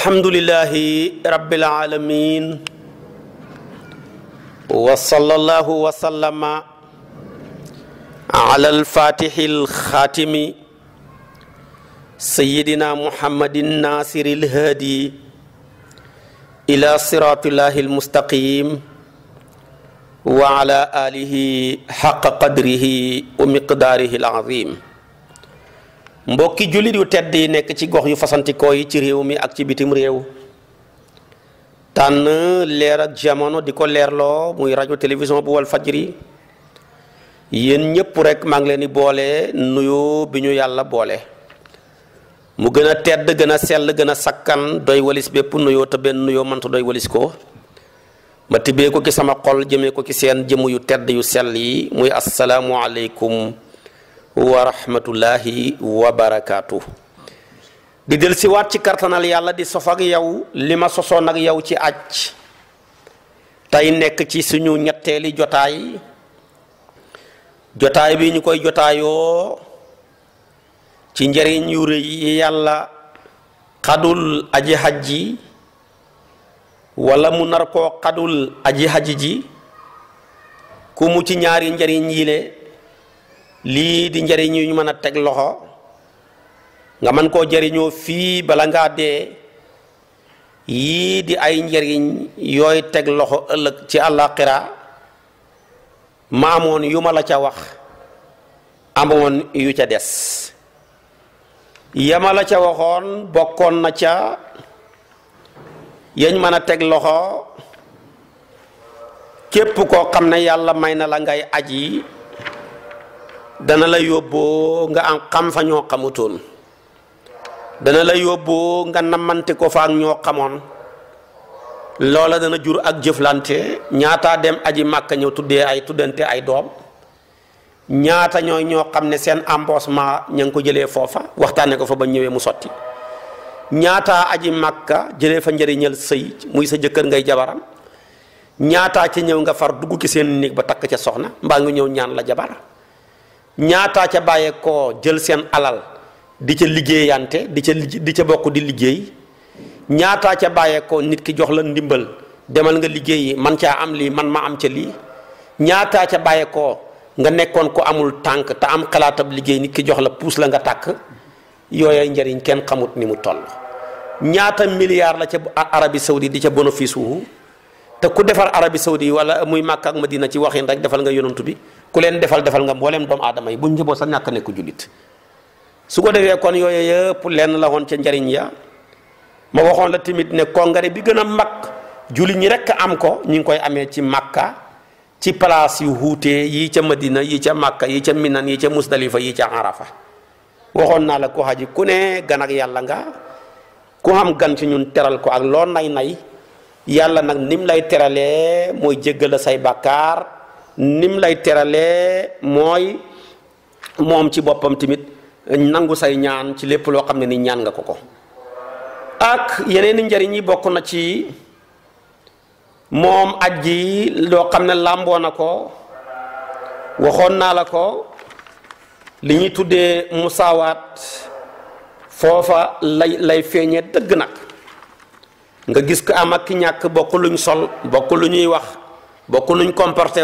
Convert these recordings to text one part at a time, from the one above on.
alhamdulilahi rabbil alamin wa sallallahu wa sallama ala alfatixi alxaatimi sayidina muhammadin nasiri alhaadi ila siratillahi almustaqim wa ala alihi xaqa qadrihi wa miqdaarihi alazim mbokki jullit yu tedd yi nekk ci gox yu fasantikoo yi ci réew mi ak ci bitim réew tànn leer jamono di ko leerloo muy rajo télévision bu wal fajri yéen ñëpp rek maa ngi leen di boole nuyoo bi ñu yàlla boole mu gën a tedd gën a sell gën a sakkan doy walis bépp nuyoo te benn nuyoo mënta doy walis ko ma tibbee ko ci sama xol jëmee ko ci seen jëmm yu tedd yu sell yi muy asalaamualeykum. wa rahmatullahi wa di del si waat ci kartanal yàlla di sof ak yow li ma sosoon ak yow ci aj tey nekk ci suñu ñetteeli jotaay jotaay bi ñu koy jotaayoo ci njëriñ yu yi yàlla xadul aji xaj ji wala mu nar koo xadul aji xaj ji ku mu ci ñaari njëriñ yi le lii di njariñ yuñ ñu mën a teg loxo nga mën koo jariñoo fii bala ngaa dee yii di ay njariñ yooy teg loxo ëllëg ci àllaaxira maamoon yu ma la ca wax amoon yu ca des yama la ca waxoon bokkoon na ca yañ mën a teg loxo képp koo xam na yàlla may na la ngay aji dana la yóbboo nga am xam fa ñoo xamutoon dana la yóbboo nga nammante ko fa ak ñoo xamoon loola dana jur ak jëflante ñaata dem aji màkka ñëw tuddee ay tuddante ay doom ñaata ñooy ñoo xam ne seen embossement ña ngi ko jëlee foofa waxtaane ko fa ba ñëwee mu sotti ñaata aji màkka jëlee fa njëriñal sëy muy sa jëkkër ngay jabaram ñaataa ci ñëw nga far dugg ci seen néeg ba takk ca soxna mbaa ngi ñëw ñaan la jabar ñaata ca bàyyee koo jël seen alal di ca liggéeyante di ca di ca bokk di liggéey ñaataa ca bàyyeekoo nit ki jox la ndimbal demal nga liggéeyi man caa am lii man ma am ca lii ñaataa ca bàyyeekoo nga nekkoon ko amul tànk te am xalaatab liggéey nit ki jox la puus la nga takk tàkk yooyay njariñ kenn xamut ni mu toll ñaata milliard la ca Arabie Saoudite di ca bénéfice wu te ku defar Arabie Saoudite wala muy Màkka ak Madina ci waxin rek defal nga yonantu bi ku leen defal defal nga mbooleem doomu aadama yi bu ñu jëboo sa ñàkk nekk jullit su ko defee kon yooyu yëpp lenn la woon ca njariñ ya ma waxoon la tamit ne congrès bi gën a mag jullit ñi rekk am ko ñu ngi koy amee ci Makka ci place yu wuute yi ca Madina yi ca Makka yi ca Minan yi ca Musdalifa yi ca Arafa waxoon naa la ko xaj ku ne gan ak yàlla nga ku xam gan ci ñun teral ko ak loo nay nay yàlla nag nim lay teralee mooy jéggal say bàkkaar nim lay teralee mooy moom ci boppam tamit nangu say ñaan ci lépp loo xam ne ni ñaan nga ko ko ak yeneeni njariñ yi bokk na ci moom aj gi loo xam ne làmboo na ko waxoon naa la ko li ñuy tuddee musaawaat foofa lay lay feeñee dëgg nag nga gis ko am ak ñàkk bokk luñ sol bokk lu ñuy wax bokk luñ comporté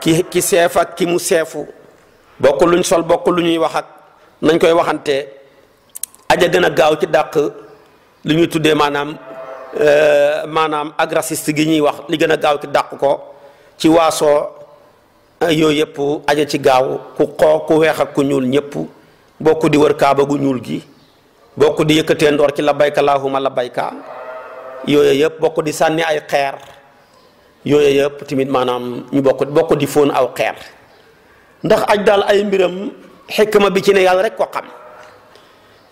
ki ki seef ak ki mu seefu bokk luñ sol bokk lu ñuy wax ak nañ koy waxantee aja gën a gaaw ci dàq lu ñuy tuddee maanaam euh, maanaam ak gi ñuy wax li gën a gaaw ci dàq ko ci waaso euh, yooyu yëpp aja ci gaaw ku xoo ku weex ku ñuul ñëpp bokk di wër kaaba gu ñuul gi bokk di yëkkatee ndoor ci la bayka laahuma la bayka yooyu yëpp bokk di sànni ay xeer yooyu yëpp tamit maanaam ñu bokk bokk di fóon aw xeer ndax aj daal ay mbiram ma bi ci ne yàlla rek ko xam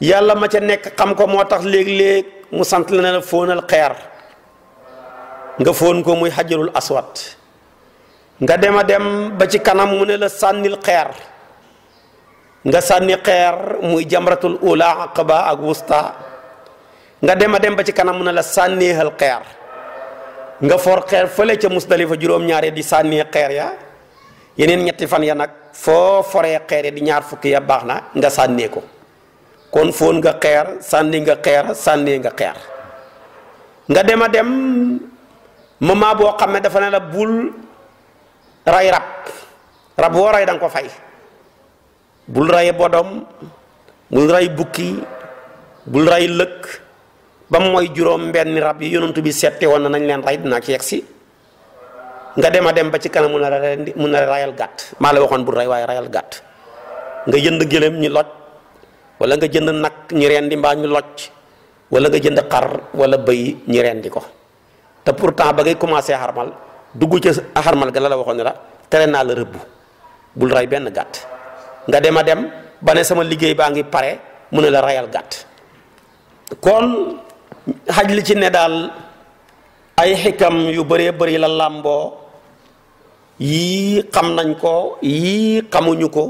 yàlla ma ci nekk xam ko moo tax léeg-léeg mu sant la ne la fóonal xeer nga fóon ko muy xajarul aswad nga dem a dem ba ci kanam mu ne la sànnil xeer nga sànni xeer muy jamratul ula aqaba ak wusta nga dem a dem ba ci kanam mu ne la sànneexal xeer nga for xeer fële ca Musdalifa juróom-ñaari di sànni xeer ya yeneen ñetti fan ya nag foo foree xeer ya di ñaar fukki ya baax na nga sànnee ko kon foon nga xeer sànni nga xeer sànnee nga xeer nga dem a dem moment boo xam ne dafa ne la bul ray rab rab woo ray da nga ko fay bul ray bodom bul ray bukki bul ray lëkk ba mooy juróom benn rab yi yonantu bi seete woon na nañ leen rey dinaa ci si nga dem a dem ba ci kanam mun na mun na rayal gàtt maa la waxoon bu rey waaye rayal gàtt nga jënd gëléem ñu loj wala nga jënd nag ñu rendi mbaa ñu loj wala nga jënd xar wala bëy ñu rendi ko te pourtant ba ngay commencé xarmal dugg ci xarmal ga la la waxoon ne la tere naa la bul rey benn gàtt nga dem a dem ba ne sama liggéey baa ngi pare mu ne la rayal gàtt kon xaj li ci ne daal ay xikam yu bare bëri la làmboo yii xam nañ ko yii xamuñu ko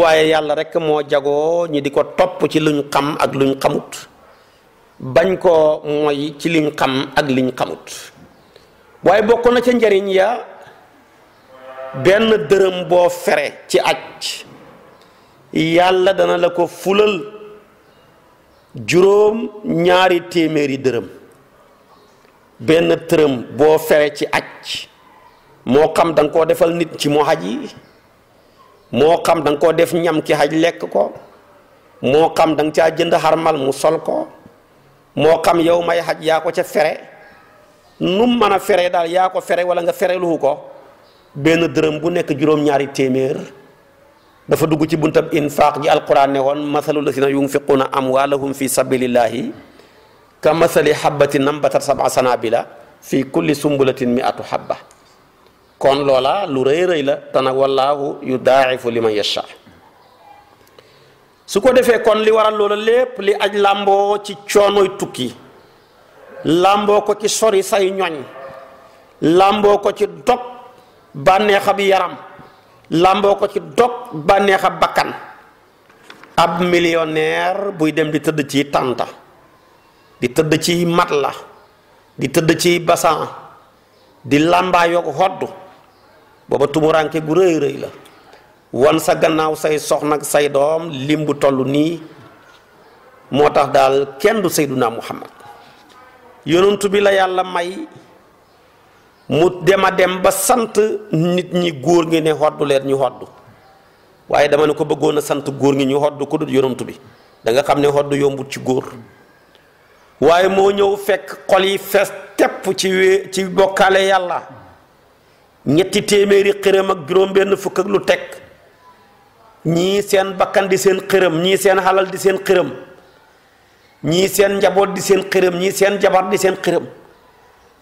waaye yàlla rekk moo jagoo ñi di ko topp ci luñ xam ak luñ xamut bañ ko moy ci liñ xam ak liñ xamut waaye bokk na ca njariñ ya benn dërëm boo fere ci aj yàlla dana la ko fulal juróom ñaari téeméeri dërëm benn tërëm boo fere ci aj moo xam da koo defal nit ci mu xaj yi moo xam da koo def ñam ki xaj lekk ko moo xam dang nga caa jënd mal mu sol ko moo xam yow may xaj yaa ko ca fere nu mën a fere daal yaa ko fere wala nga fere luhu ko benn dërëm bu nekk juróom-ñaari téeméer dafa dugg ci buntab infaq ji alquran ne woon masalu lasina yunfiquuna amwaalahum fi sabilillahi ka masali xabatin nambatat sab'a sanabila fi kulli sumbulatin mi'atu xabba kon loola lu rëy rëy la te nag wallaahu yudaa'ifu liman yasha su ko defee kon li waral loola lépp li aj làmboo ci coonooy tukki làmboo ko ci sori say ñoñ làmboo ko ci dog bànneexa bi yaram làmboo ko ci dog bànneex a bakkan ab miliyoneer buy dem di tëdd ci tànta di tëdd ci la di tëdd ci basan di làmbaayoo ko xodd booba tumuraanke gu rëy rëy la wan sa gannaaw say soxna ak say doom lim bu toll nii moo tax dal kenn du sayduna muhammad yonent bi la yàlla may mu dem a dem ba sant nit ñi góor ngi ne xoddu leen ñu xoddu waaye dama ne ko bëggoon a sant góor ngi ñu xoddu ku dul yonantu bi danga xam ne xoddu yombut ci góor waaye moo ñëw fekk xol yi fees tepp ci wé ci bokkaale yàlla ñetti téeméeri xërëm ak juróom-benn fukk lu teg ñii seen bakkan di seen xërëm ñii seen xalal di seen xërëm ñii seen njaboot di seen xërëm ñii seen jabar di seen xërëm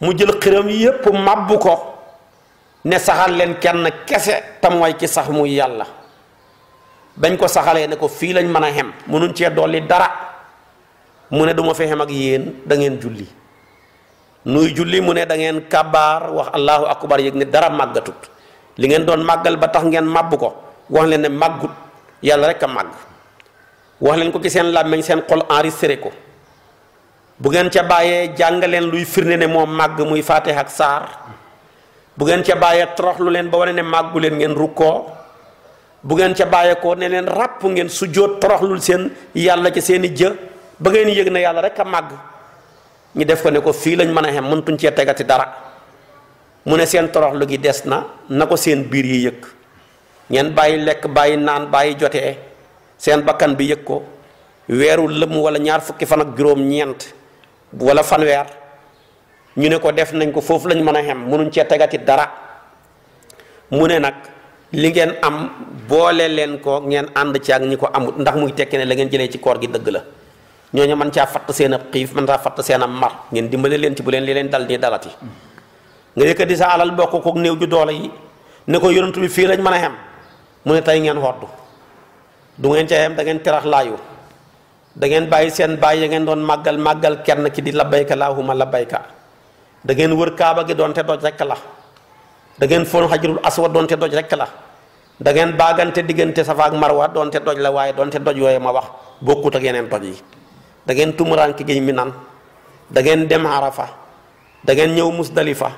mu jël xiram yépp màbb ko ne saxal leen kenn kese te ci sax muy yàlla bañ ko saxalee ne ko fii lañ mën a xem mënuñ cee dolli dara mu ne duma ma fi ak yéen dangeen ngeen julli nuy julli mu ne dangeen ngeen kabaar wax allahu akbar yëg ne dara màggatut li ngeen doon màggal ba tax ngeen màbb ko wax leen ne màggut yàlla rek a màgg wax leen ko ci seen làmmeñ seen xol enregistré ko bu ngeen ca bàyyee jàngaleen luy firnde ne moom màgg muy faatiha ak saar bu ngeen ca bàyyee toroxlu leen ba wane ne màggu leen ngeen rukkoo bu ngeen ca bàyyee ko ne leen ràpp ngeen sujjóot toroxlul seen yàlla ci seeni jë ba ngeen yëg na yàlla rek a màgg ñu def ko ne ko fii lañ mën a xem mëntuñ cee tegati dara mu ne seen toroxlu gi des na na ko seen biir yi yëg ngeen bàyyi lekk bàyyi naan bàyyi jotee seen bakkan bi yëg ko weeru lëm wala ñaar fukki fan ak juróom wala fanweer ñu ne ko def nañ ko foofu lañ mën a xem mënuñ cee tegati dara mu ne nag li ngeen am boole leen ko ngeen ànd ci ak ñi ko amut ndax muy tekki ne la ngeen jëlee ci koor gi dëgg la ñooñu mën caa fatt seen xiif mën caa fatt seen ab ngeen dimbale leen ci bu leen li leen dalati nga yëkkati sa alal bokk kook néew ju doole ne ko yonent fii lañ mën a xem mu ne tey ngeen xottu du ngeen cee xem da ngeen terax laayu da ngeen bàyyi seen baay ya ngeen doon màggal màggal kenn ki di labbayka laahuma labbayka da ngeen wër kaaba gi doonte doj rekk la da ngeen foon xajarul aswad doonte doj rekk la da ngeen baagante diggante safa ak marwa doonte doj la waaye doonte doj wooye ma wax bokkut ak yeneen doj yi da ngeen tumuraanke gi mi nan da ngeen dem arafa da ngeen ñëw musdalifa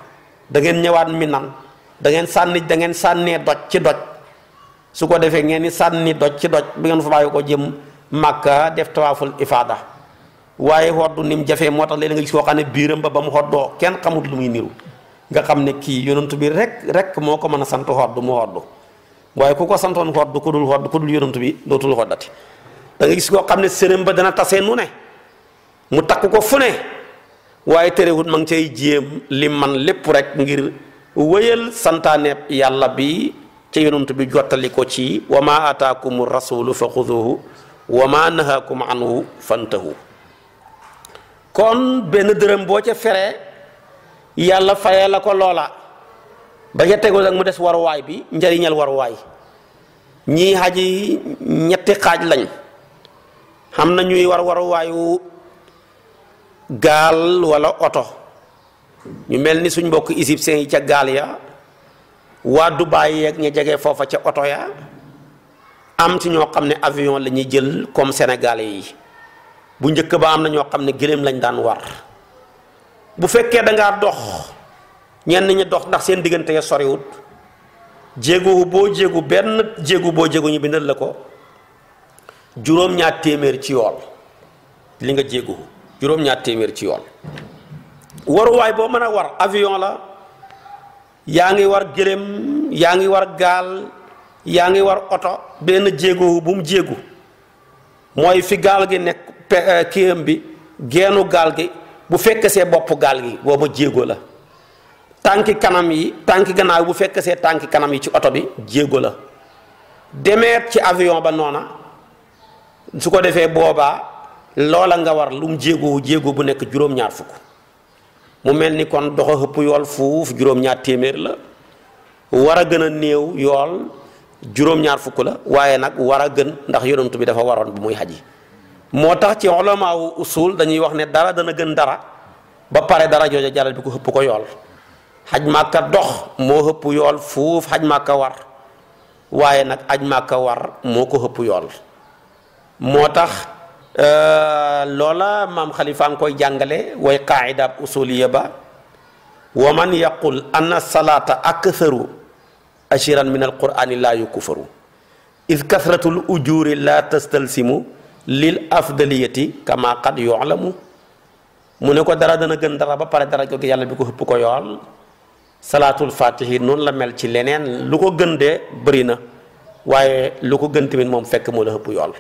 da ngeen ñëwaat mi nan da sànni da ngeen sànnee doj ci doj su ko defee ngeen ni sànni doj ci doj bi ngeen fa bàyyi ko jëm màkka def tawaaful ifaada waaye xoddu ni mu jafee moo tax léeg nga gis koo xam ne biiram ba ba mu xoddoo kenn xamut lu muy niru nga xam ne kii yonantu bi rek rek moo ko mën a sant xoddu mu xoddu waaye ku ko santoon xoddu ku dul xoddu ku dul yonantu bi dootul xoddati da gis koo xam ne sërëm ba dana tase nu ne mu takk ko fu ne waaye terewut ma ngi cay jéem lim man lépp rek ngir wëyal santaaneeb yàlla bi ca yonantu bi jottali ko ci wa ma ataakumu rasulu fa xuduhu wa ma nahaakum anhu fantahu kon benn dërëm boo ca fere yàlla fayee la ko loola ba ca tegu nag mu des waruwaay bi njariñal waruwaay ñii xaji ñetti xaaj lañ xam na ñuy war waruwaayu gaal wala oto ñu mel ni suñ mbokk égyptiens yi ca gaal ya waa Dubaay yeeg ña jege foofa ca oto ya am ci ñoo xam ne avion lañuy jël comme sénégalais yi bu njëkk ba am na ñoo xam ne gëléem lañ daan war bu fekkee da ngaa dox ñenn ñi dox ndax seen diggante ya soriwut jéego boo jéegu benn jéegu boo jéegu ñu bindal la ko juróom-ñaar téeméer ci yool li nga jéegu juróom-ñaar téeméer ci yool waruwaay boo mën a war avion la yaa ngi war gëléem yaa ngi war gaal yaa ngi war oto benn jéego bu mu jéegu mooy fi gaal gi nekk pe eh, kiyam bi geenu gaal gi bu fekk see bopp gaal gi booba jéego la tànki kanam yi tànki gannaaw bu fekk see tànki kanam yi ci oto bi jéego la demeet ci avion ba noona su ko defee booba loola nga war lu mu jéego jéego bu nekk juróom-ñaar fukk mu mel ni kon doxa xëpp yool fuuf juróom-ñaar téeméer la war a gën a néew yool juróom-ñaar fukk la waaye nag war a gën ndax yonent bi dafa waroon bu muy xaji moo tax ci ulamaawu usul dañuy wax ne dara dana gën dara ba pare dara jooja jaral bi ko xëpp ko yool xaj màkka dox moo xëpp yool fuuf xaj màkka war waaye nag aj màkka war moo ko xëpp yool moo tax euh, loola maam xalifa ngi koy jàngale way qaaidaab usuliya ba wa man yaqul anna salaata ak sëru ashiran min alqurani laa yukufaru id kasratul ujuri la tastalsimu lil afdaliyati kama qad yu'lamu mu ne ko dara dana gën dara ba pare dara jóge yàlla bi ko xëpp ko yool salaatul fatihi noonu la mel ci leneen lu ko gën de bëri na waaye lu ko gën tamit moom fekk moo la xëpp yool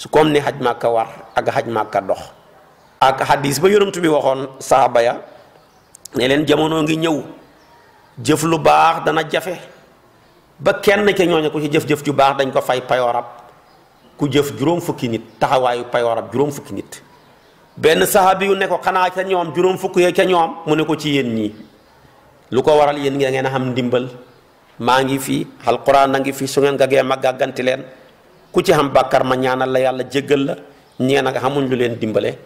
su comme ni xaj màkka war ak xaj màkka dox ak xadis ba yonent bi waxoon saaba ya ne leen jamono ngi ñëw jëf lu baax dana jafe ba kenn ke ñooñu ku ci jëf-jëf ju baax dañ ko fay payoorab ku jëf juróom fukki nit taxawaayu payoorab juróom fukki nit benn sahabi yu ne ko xanaa ca ñoom juróom fukk yee ca ñoom mu ne ko ci yéen ñii lu ko waral yéen ngi da ngeen a xam ndimbal maa ngi fi alquran a ngi fi su ngeen gagee ma gàgganti leen ku ci xam bàkkar ma ñaanal la yàlla jéggal la ñeen ak xamuñ lu leen dimbale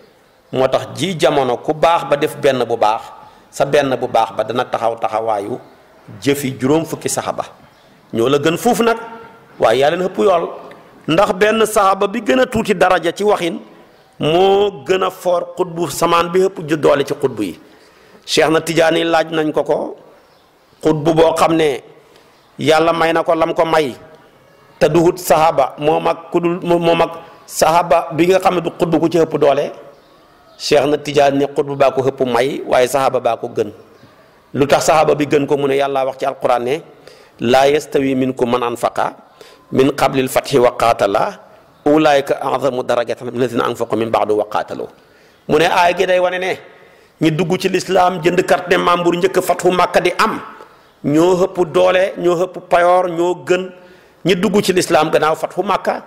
moo tax ji jamono ku baax ba def benn bu baax sa benn bu baax ba dana taxaw taxawaayu jëfi juróom fukki saxaba ñoo la gën fuuf nag waaye yaa leen ëpp yool ndax benn saxaba bi gën a tuuti daraja ci waxin moo gën a foor xutbu samaan bi ëpp ju doole ci xutbu yi cheikh na tijaani laaj nañ ko ko xutbu boo xam ne yàlla may na ko lam ko may te duhut saxaba moom ak kudul moo ak saxaba bi nga xam ne du xutbu ku ci ëpp doole cheikh na tijaan ne xutbu baa ko xëpp may waaye saxaaba baa ko gën lu tax saxaaba bi gën ko mu ne yàlla wax ci alquran ne laa yastawi minkum man anfaqa min qablil fathi wa qaatala ulaayka azamu dara min alladina anfaqu min baadu wa qaatalu mu ne aay gi day wane ne ñi dugg ci lislaam jënd carte de membre njëkk fathu màkka di am ñoo xëpp doole ñoo xëpp payoor ñoo gën ñi dugg ci lislaam gannaaw fathu màkka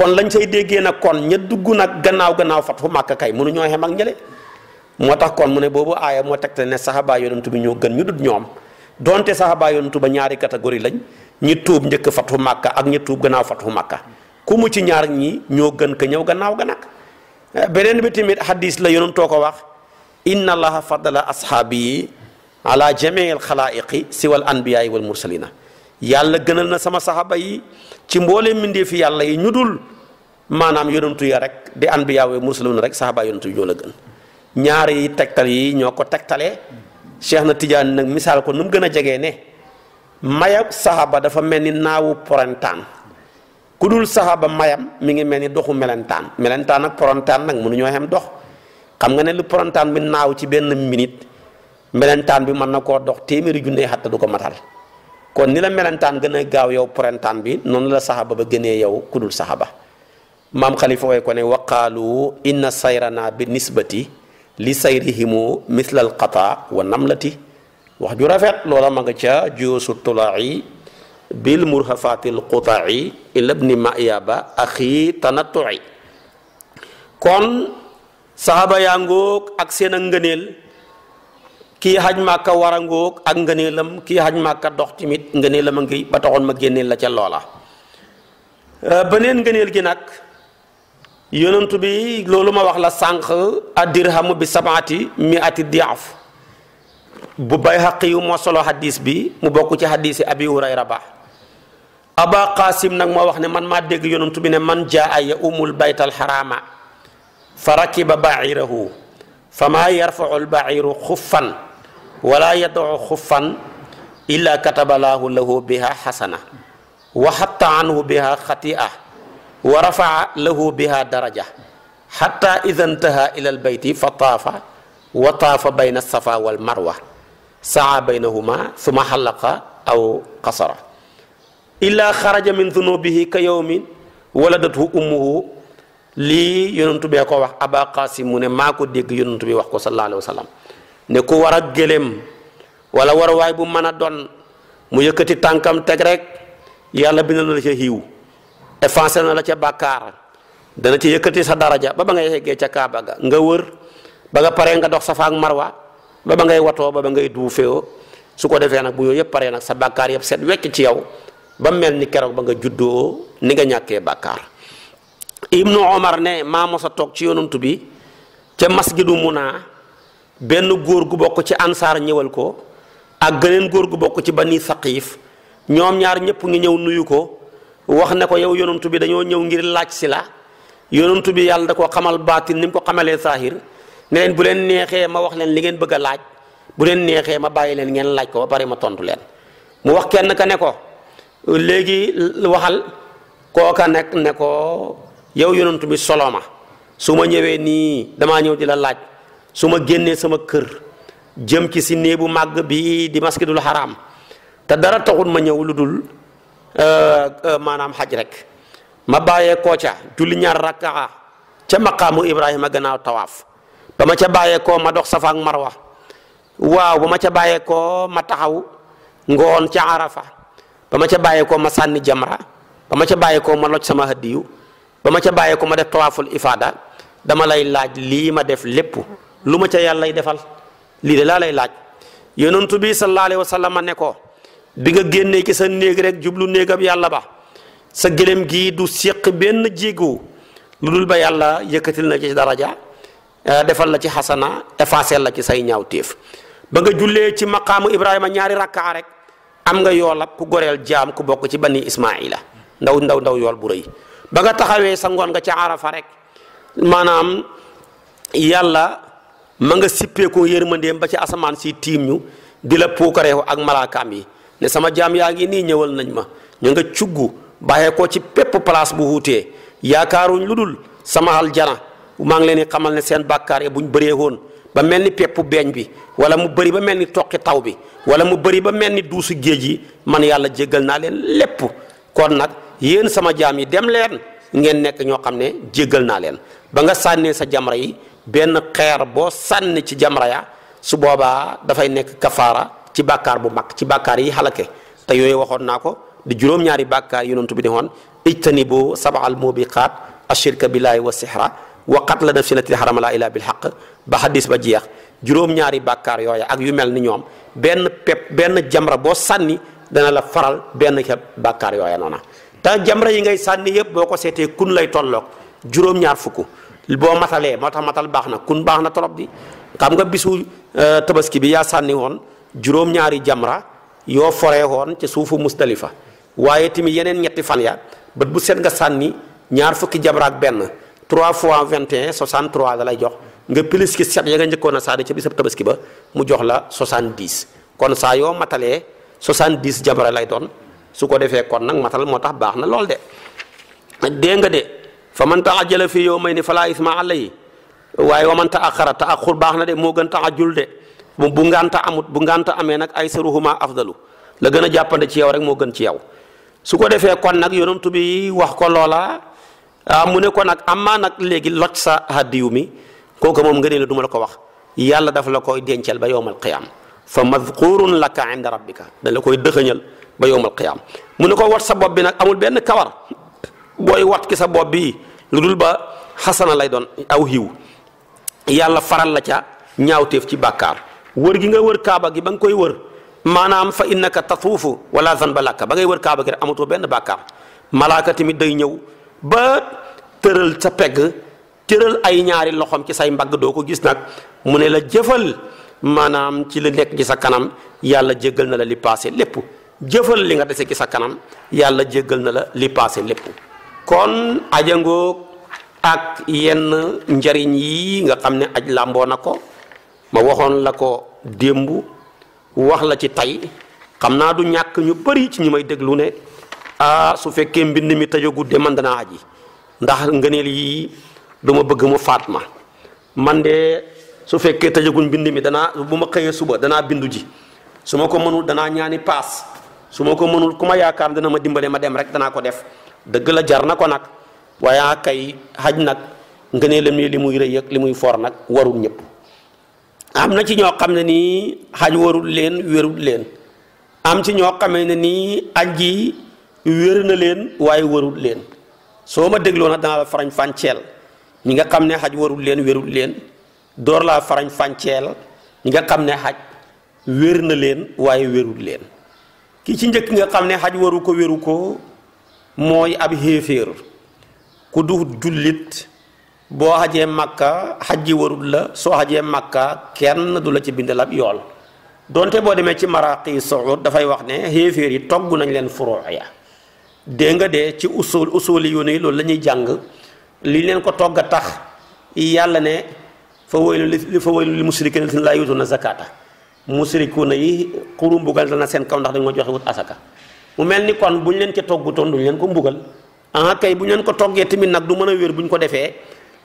kon lañ say déggee nag kon ña dugg nag gannaaw gannaaw fat fu màkk kay mënu ñoo xem ak ñële moo tax kon mu ne boobu aaya moo tegte ne saxabaa yonentu bi ñoo gën ñu dut ñoom donte saxabaa yonentu ba ñaari catégorie lañ ñi tuub njëkk fat fu màkka ak ñi tuub gannaaw fat fu màkka ku mu ci ñaar ñi ñoo gën ka ñëw gannaaw ga nag beneen bi tamit hadis la yonentoo ko wax inna allaha fadala ashaabi ala jamii alxalaaiqi siwal anbiyaai wal mursalina yàlla gënal na sama saxaba yi ci mboolee mbindeefi yàlla yi ñu dul maanaam yonantu ya rek di anbiyaa wa mursaluun rek saxaba yonantu yi ñoo la gën ñaari tegtal yi ñoo ko tegtalee Cheikh na Tidiane nag misaal ko nu mu gën a jegee ne mayab saxaba dafa mel ni naawu porentaan ku dul saxaba mayam mi ngi mel ni doxu melentaan melentaan ak porentaan nag mënuñoo xem dox xam nga ne lu porontaan bi naaw ci benn minute melentaan bi mën na koo dox téeméeri junne du ko matal kon ni la melentaan gën a gaaw yow prentaan bi noonu la saxaba ba gënee yow kudul saxaba maam xalifa way ko ne waqaalu inna sayrana bi nisbati li sayrihimu mislal qata wa namlati wax ju rafet loola ma nga ca juyusu tulaa'i bil murhafatil qutaa'i ilabni ma'yaba axi tanatu'i kon saxaba yaa ngoog ak seen a ngëneel kii xaj màkka war a ngóog ak ngëneelam kii xaj màkka dox timit ngëneelam a ngi ba taxoon ma génneel la ca loola euh, beneen ngëneel gi nag yonentu bi loolu ma wax la sànq addirhamu bi sabaati mi ati diaf bu bay xaq yu moo solo hadis bi mu bokk ci hadisi abi hurayra ba aba qasim nag moo wax ne man maa dégg yonentu bi ne man jaa ya umul baytal xaraama fa rakiba bairahu fa maa yarfaul bairu xuffan wala yad'u xuffan illa katabalaahu lahu biha xasana wa xatta anhu biha xatia wa rafaa lahu biha daraja xatta ida ntaha ila albayti fa taafa wa taafa bayna alsafa walmarwa saa baynahuma suma xalaqa aw qasara illa xaraja min dunubihi ka yowmin waladathu ummuhu lii yonentu bee ko wax aba qasim mu ne maa ko dégg yonentu bi wax ko sallallahu alayhi wa sallam ne ku war a gëléem wala war waay bu mën a doon mu yëkkati tànkam teg rek yàlla bind na la ca xiiw effacé na la ca bàkkaar dana ci yëkkati sa daraja ba ba ngay yeggee ca Kaaba ga nga wër ba nga paree nga dox sa Safa mar wa ba ba ngay watoo ba ba ngay duufeewoo su ko defee nag bu yooyu yëpp paree nag sa bàkkaar yëpp set wecc ci yow ba mel ni keroog ba nga juddoo ni nga ñàkkee bàkkaar Ibnu Omar ne maa mos toog ci yonantu bi ca masjidu Munaa benn góor gu bokk ci ansaar ñëwal ko ak geneen góor gu bokk ci ba bani saqiif ñoom ñaar ñëpp ngi ñëw nuyu ko wax ne ko yow yonantu bi dañoo ñëw ngir laaj si la yonantu bi yàlla da koo xamal baatin ni mu ko xamalee saahir ne leen bu leen neexee ma wax leen li ngeen bëgg a laaj bu leen neexee ma bàyyi leen ngeen laaj ko ba pare ma tontu leen mu wax kenn ka ne ko léegi waxal ka nekk ne ko yow yonantu bi solo ma su ma ñëwee nii damaa ñëw di la laaj su ma génnee sama kër jëm ci si néebu màgg bi di masjidul haram te dara taxul ma ñëw lu dul euh, euh, maanaam xaj rek ma bàyyee koo ca julli ñaar rakkaa ca maqaamu Ibrahima gannaaw tawaaf ba ma ca bàyyee koo ma dox safa ak marwa waaw ba ma ca bàyyee koo ma taxaw ngoon ca arafa ba ma ca bàyyee koo ma sànni jamra ba ma ca bàyyee koo ma loj sama hadiyu ba ma ca bàyyee ko ma def tawaaful ifaada dama lay laaj lii ma def lépp lu ma ca yàllay defal lii de laa lay laaj yonentu bi sallallahu alayhi wa sallam ne ko bi nga génnee sa néeg rek jublu néegam yàlla ba sa gëlëm gi du séq benn jéego lu dul ba yàlla yëkkatil na ci daraja eh, defal la ci xasana effacé la ci say ñaaw téef ba nga jullee ci maqaamu Ibrahima ñaari rakkaa rek am nga yoolab ku goreel jaam ku bokk ci bani Ismaila ndaw ndaw ndaw yool bu réy ba nga taxawee sa ngoon nga ca Arafa rek maanaam yàlla. ma nga sippeekoo yërmandeem ba ci asamaan si tiim ñu di la puukareewu ak malaakaam yi ne sama jaam yaa ngi nii ñëwal nañ ma ñu nga cugg bàyyee ko ci pépp place bu wuutee yaakaaruñ lu dul sama aljana maa ngi leen xamal ne seen bàkkaar yi buñ bëree woon ba mel ni peppu beeñ bi wala mu bëri ba mel ni toqi taw bi wala mu bëri ba mel ni duusu géej yi man yàlla jéggal naa leen lépp kon nag yéen sama jaam yi dem leen ngeen nekk ñoo xam ne jéggal naa leen ba nga sànnee sa jamra yi benn xeer boo sànni ci jamra ya su boobaa dafay nekk kafaara ci bàkkaar bu mag ci bàkkaar yi xalake te yooyu waxoon naa ko di juróom-ñaari bàkkaar yonent bi ne woon ijtanibu sab'al mubiqaat ashirka billaahi wa sihra wa qatla nafsin allati harama laa ilaa bil haqq ba hadis ba jeex juróom-ñaari bàkkaar yooya ak yu mel ni ñoom benn pep benn jamra boo sànni dana la faral benn ca bàkkaar yooya noona te jamra yi ngay sànni yëpp boo ko seetee kun lay tolloog juróom-ñaar fukk boo matalee moo tax matal baax na kun baax na trop di xam nga bisu euh, tabaski bi yaa sànni woon juróom-ñaari jamra yoo foree woon ca suufu Musdalifa waaye tamit yeneen ñetti fan ya bët bu set nga sànni ñaar fukki jamra ak benn 3 fois 21 63 la lay jox nga plus ki set ya nga njëkkoon a sànni ca bisab tabaski ba mu jox la 70 kon saa yoo matalee 70 jamra lay doon su ko defee kon nag matal moo tax baax na lool de. fa man fi taajala fii yawmayni falaa isma alayhi waaye wa man taaxara taaxur baax na de moo gën jul de bu ngànta amut bu ngànta amee nag aysaruhuma afdalu la gën a jàppande ci yow rek moo gën ci yow su ko defee kon nag yonent bi wax ko loola ah mu ne ko nag amaa nag léegi loj sa hadiyu mi kooku moom nga ne la du la ko wax yàlla dafa la koy dencal ba yowmal qiyaam fa madkurun laka inda rabbika da la koy dëxëñal ba yowmal qiyaam mu ne ko wat sa bopp bi nag amul benn kawar booy wat ki sa bopp bi lu dul ba xasana lay doon aw xiw yàlla faral la ca ñaawteef ci bàkkaar wër gi nga wër kaaba gi ba nga koy wër maanaam fa innaka tatuufu wala zanba laka ba ngay wër kaaba gi rek amatoo benn bàkkaar malaaka tamit day ñëw ba tëral sa pegg tëral ay ñaari loxoom ci say mbagg doo ko gis nag mu ne la jëfal maanaam ci li nekk ci sa kanam yàlla jéggal na la li paase lépp jëfal li nga dese ci sa kanam yàlla jéggal na la li paase lépp kon aja ngoog ak yenn njariñ yi nga xam ne aj làmboo ko ma waxoon la ko démb wax la ci tey xam naa du ñàkk ñu bari ci ñu may déglu ne ah su fekkee mbind mi tëjagut de man danaa aji ndax ngëneel yii du bëgg mu faat ma man de su fekkee tëjagul mbind mi danaa bu ma xëyee suba danaa bindu ji su ma ko mënul danaa ñaani paas su ma ko mënul ku ma yaakaar dana ma dimbale ma dem rek danaa ko def dëgg la jar na ko nag waaye kay xaj nag ngëneelam li muy rëy ak li muy for nag warul ñëpp am na ci ñoo xam ne nii xaj warul leen wérul leen am ci ñoo xamee ne nii aj gi wér na leen waaye warul leen soo ma dégloo nag danaa la farañ fànceel ñi nga xam ne xaj warul leen wérul leen door laa farañ nga xam ne xaj wér na leen waaye wérul leen ki ci njëkk nga xam ne xaj waru ko wéru mooy ab xéeféer ku du jullit boo xajee makka xajji warul la soo xajee makka kenn du la ci bindal ab yool doonte boo demee ci maraqi saud dafay wax ne xéeféer yi togg nañ leen furuu ya nga de ci usul usuli yu yi loolu lañuy jàng li leen ko togg a tax yàlla ne fa waylu li fa waylu li musrikiina laa yutuuna zakaata musrikuuna yi xurum bugal na seen kaw ndax dañ ma joxe wut asaka mu mel ni kon bu ñu leen ca toggutoon ñu leen ko mbugal ah kay bu ñu leen ko toggee tamit nag du mën a wér bu ñu ko defee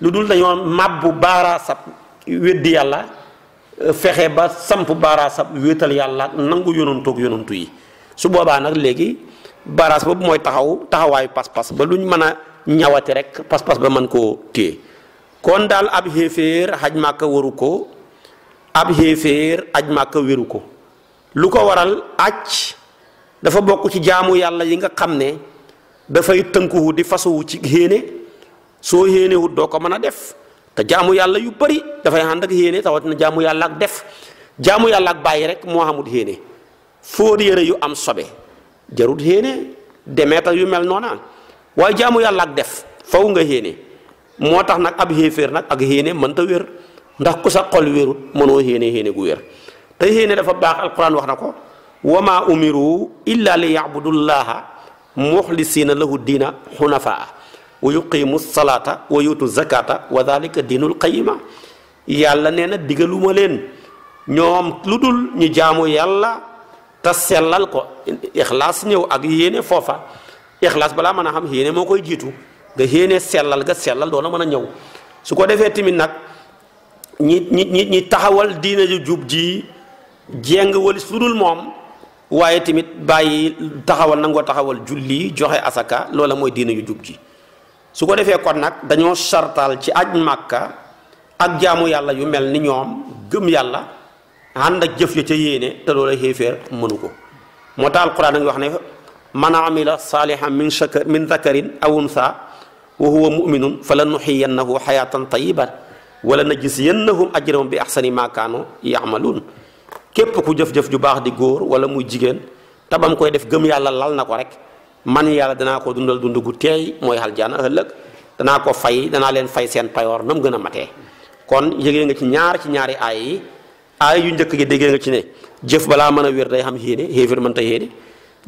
lu dul dañoo màbbu baaraasab weddi yàlla euh, fexe ba samp baaraasab wéetal yàlla nangu yonantoog yonantu yi su boobaa nag léegi baaraas boobu mooy taxaw taxawaayu pas-pas ba lu ñu mën a ñawati rek pas-pas ba man koo téye kon daal ab xéeféer xaj màkka waru ko ab xéeféer aj màkka wéru ko lu ko waral aj dafa bokk ci jaamu yàlla yi nga xam ne dafay tënkuwu di fasowu ci héene soo héenewut doo ko mën a def te jaamu yàlla yu bari dafay ànd ak héene tawatina jaamu yàlla ak def jaamu yàlla ak bàyyi rek moo xamut héene fóot yére yu am sobe jarut héene demeet yu mel noona waaye jaamu yàlla ak def faw nga héene moo tax nag ab xéeféer nag ak héene mënta wér ndax ku sa xol wérut mënoo héene héene gu wér te héene dafa baax alquran wax na ko wa maa umiru illa li yacbudullaha muxlisina lahu diina xunafaa wa yuqimu salaata wa yutu zakata wa dalika diinul qayima yàlla nee na diggaluma leen ñoom lu dul ñu jaamu yàlla te sellal ko ixlaas ñëw ak yéene foofa ixlaas balaa mën a xam yéene moo koy jiitu nga yéene sellal nga sellal doona mën a ñëw su ko defee tamit nag ñi ñi ñi taxawal diina ju jub ji jéng walis dul moom waaye tamit bàyyi taxawal nangoo taxawal julli joxe asaka loola mooy diina yu jub ji su ko defee kon nag dañoo sartaal ci aj màkka ak jaamu yàlla yu mel ni ñoom gëm yàlla ànd ak jëf ya ca yéene te loola xéeféer mënu ko moo tax alquran a ngi wax ne man amila saalihan min shakar min zakarin aw unsa wa huwa muminun fa la nuxiyannahu xayaatan tayiban wala najziyannahum ajrahum bi axsani ma kaanu yamaluun képp ku jëf-jëf ju baax di góor wala muy jigéen tabam koy def gëm yàlla lal na ko rek man yàlla danaa ko dundal dund gu teey mooy aljanna ëllëg danaa ko fay danaa leen fay seen payoor nam gën a matee kon yëgee nga ci ñaar ci ñaari aay yi aay yu njëkk gi déggee nga ci ne jëf balaa mën a wér day xam yéene xéefir mën te yéene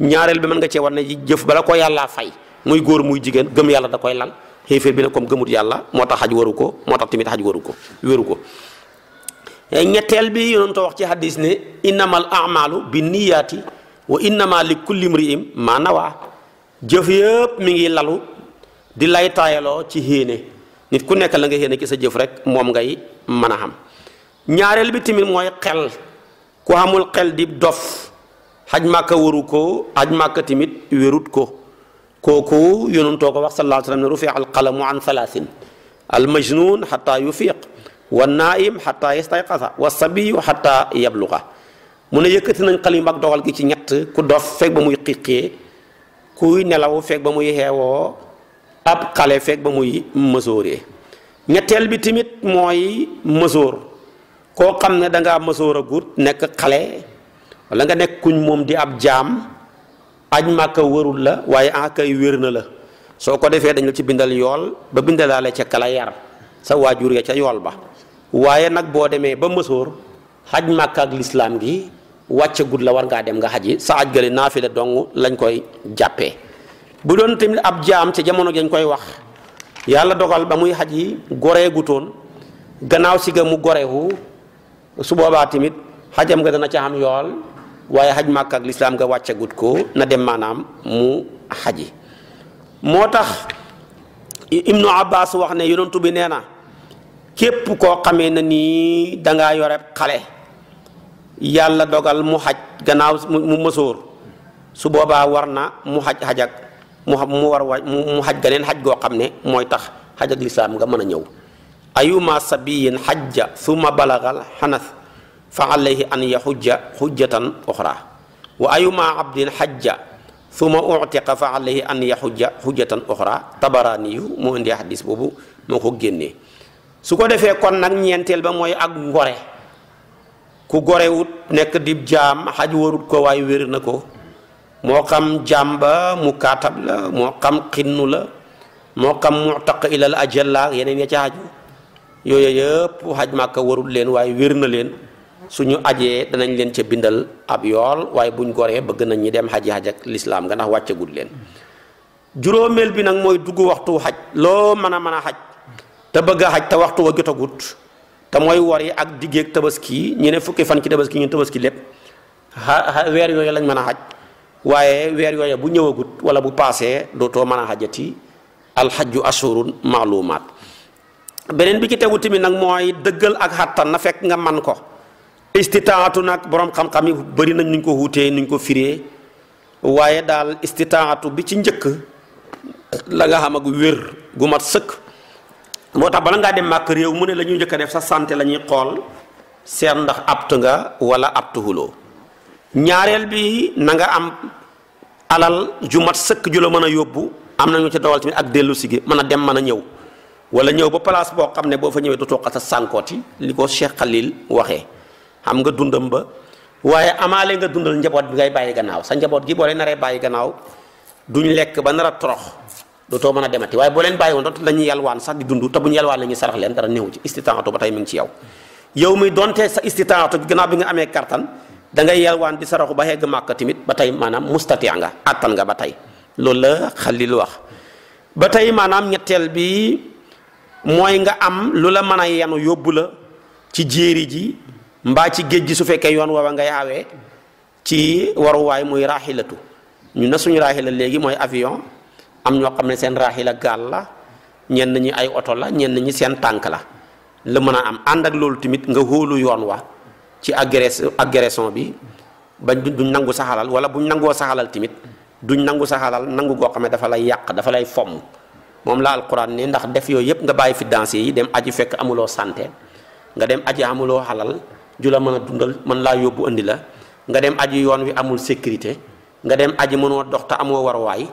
ñaareel bi mën nga cee war ne jëf bala ko yàllaa fay muy góor muy jigéen gëm yàlla da koy lal xéefir bi ne comme gëmut yàlla moo tax xaj waru ko moo tax tamit xaj waru ko wéru ko Eh, ñetteel bi yonent wax ci hadis ne innamal amalu bi niyaati wa innama li kulli mri'in ma nawa jëf yëpp mi ngi lalu di lay taayaloo ci héene nit ku nekk la nga héene ci sa jëf rek moom ngay mën a xam ñaareel bi tamit mooy xel ku xamul xel di dof xaj màkka waru ko xaj màkka tamit wérut ko kooku yonentoo ko wax sallallahu alayhi wa sallam ne rufi al qalamu an wa naim xataa yastayqasa wa sabiyu xataa xa mu ne yëkkati nañ xalim ak dogal gi ci ñett ku dof fekk ba muy xiiqee kuy nelaw fekk ba muy xeewoo ab xale fekk ba muy mësooree ñetteel bi tamit mooy mësoor koo xam ne danga ngaa mësoor a gut nekk xale wala nga nekk kuñ moom di ab jaam aj màkka wërul la waaye en wér na la soo ko defee dañ ci bindal yool ba bindalaale ca kala yar sa waajur ya ca yool ba waaye nag boo demee ba mësoor xaj màkk ak lislaam gi wàcce gud la war ngaa dem nga xaji sa aj gële naafila dong lañ koy jàppee bu doon tamit ab jaam ca jamono dañ koy wax yàlla dogal ba muy xaj yi goreegu gannaaw si ga mu goreewu su boobaa tamit xajam nga dana ca am yool waaye xaj màkk ak lislaam nga wàcce gud ko na dem maanaam mu xaji moo tax Ibnu Abbas wax ne yonantu bi nee na képp koo xamee na nii dangaa yoreb xale yàlla dogal mu xaj gannaaw mu mësoor su boobaa war na mu xaj xajak mu xam mu war wa mu xaj ganeen xaj goo xam ne mooy tax xajak lislaam nga mën a ñëw ayuma sabiyin xajja summa balagal xanas fa alayhi an yaxujja xujjatan oxra wa ayuma abdin xajja suma utiqa fa alayhi an yaxujja xujjatan uxra tabaraaniyu mu indi xadis boobu moo ko génnee su ko defee kon nag ñeenteel ba mooy ak ngore ku gorewut nekk di jaam xaj warut ko waaye wér na ko moo xam jaam ba mu kaatab la moo xam xinnu la moo xam mutaq ilal ajalla yeneen ya ca xaju yooyu yëpp xaj màkka warul leen waaye wér na leen su ñu ajee danañ leen ca bindal ab yool waaye buñ goree bëgg nañ ñi dem xaji xaj ak lislaam nga ndax wàccagul leen juróomeel bi nag mooy dugg waxtu xaj loo mën a mën a xaj te bëgg a xaj te waxtu wa jotagut te mooy wor yi ak diggeek tabaski ñu ne fukki fan ci tabaski ñun tabaski lépp a weer yooyu lañ mën a xaj waaye weer yooyu bu ñëwagut wala bu paasee dootoo mën a xajati alxajju ashurun maalumaat beneen bi ci tegu tamit nag mooy dëggal ak xattan na fekk nga man ko istitaatu nag boroom xam-xam yi bari nañ nuñ ko wuutee nuñ ko firee waaye daal istitaatu bi ci njëkk la nga xam ak wér gu mat sëkk moo tax bala ngaa dem màkk réew mu ne lañuy ñuy njëkk a def sa sante lañuy xool seet ndax apt nga wala apt huloo ñaareel bi na nga am alal ju mat sëkk ju la mën a yóbbu am na ñu ci dogal tamit ak dellusi gi mën a dem mën a ñëw wala ñëw ba place boo xam ne boo fa ñëwee du toqat a sànkooti li ko Cheikh Khalil waxee am nga dundam ba waaye amaale nga dundal njaboot bi ngay bàyyi gannaaw sa njaboot gi boo leen naree bàyyi gannaaw duñ lekk ba nara a lu dootoo mën a demati waaye boo leen bàyyi woon dootoo la ñuy yalwaan sax di dund te bu ñu yalwaan la ñuy sarax leen dara néew ci istitaatu ba tey ngi ci yow yow mi donte sa istitaatu gannaaw bi nga amee kartan da ngay yalwaan di saraxu ba xegg màkk tamit ba tey maanaam mustati nga attan nga ba tey loolu la xalil wax ba tey maanaam ñetteel bi mooy nga am lu la mën a yenu yóbbu la ci jéeri ji mbaa ci géej gi su fekkee yoon wa woowa ngay awee ci waruwaay muy raaxilatu ñu ne suñu raaxila léegi mooy avion am ñoo xam ne seen raaxila gaal la ñenn ñi ay oto la ñenn ñi seen tànk la la mën a am ànd ak loolu tamit nga hóolu yoon wa ci agress agression bi bañ duñ nangu saxalal wala buñ nangoo saxalal tamit duñ nangu saxalal nangu goo xam ne dafa lay yàq dafa lay fomm moom la alquran ni ndax def yooyu yëpp nga bàyyi fi danse yi dem aji fekk amuloo santé nga dem aji amuloo xalal ju la a dundal man laa yóbbu andi la nga dem aji yoon wi amul sécurité nga dem aji mënoo dox te amoo warwaay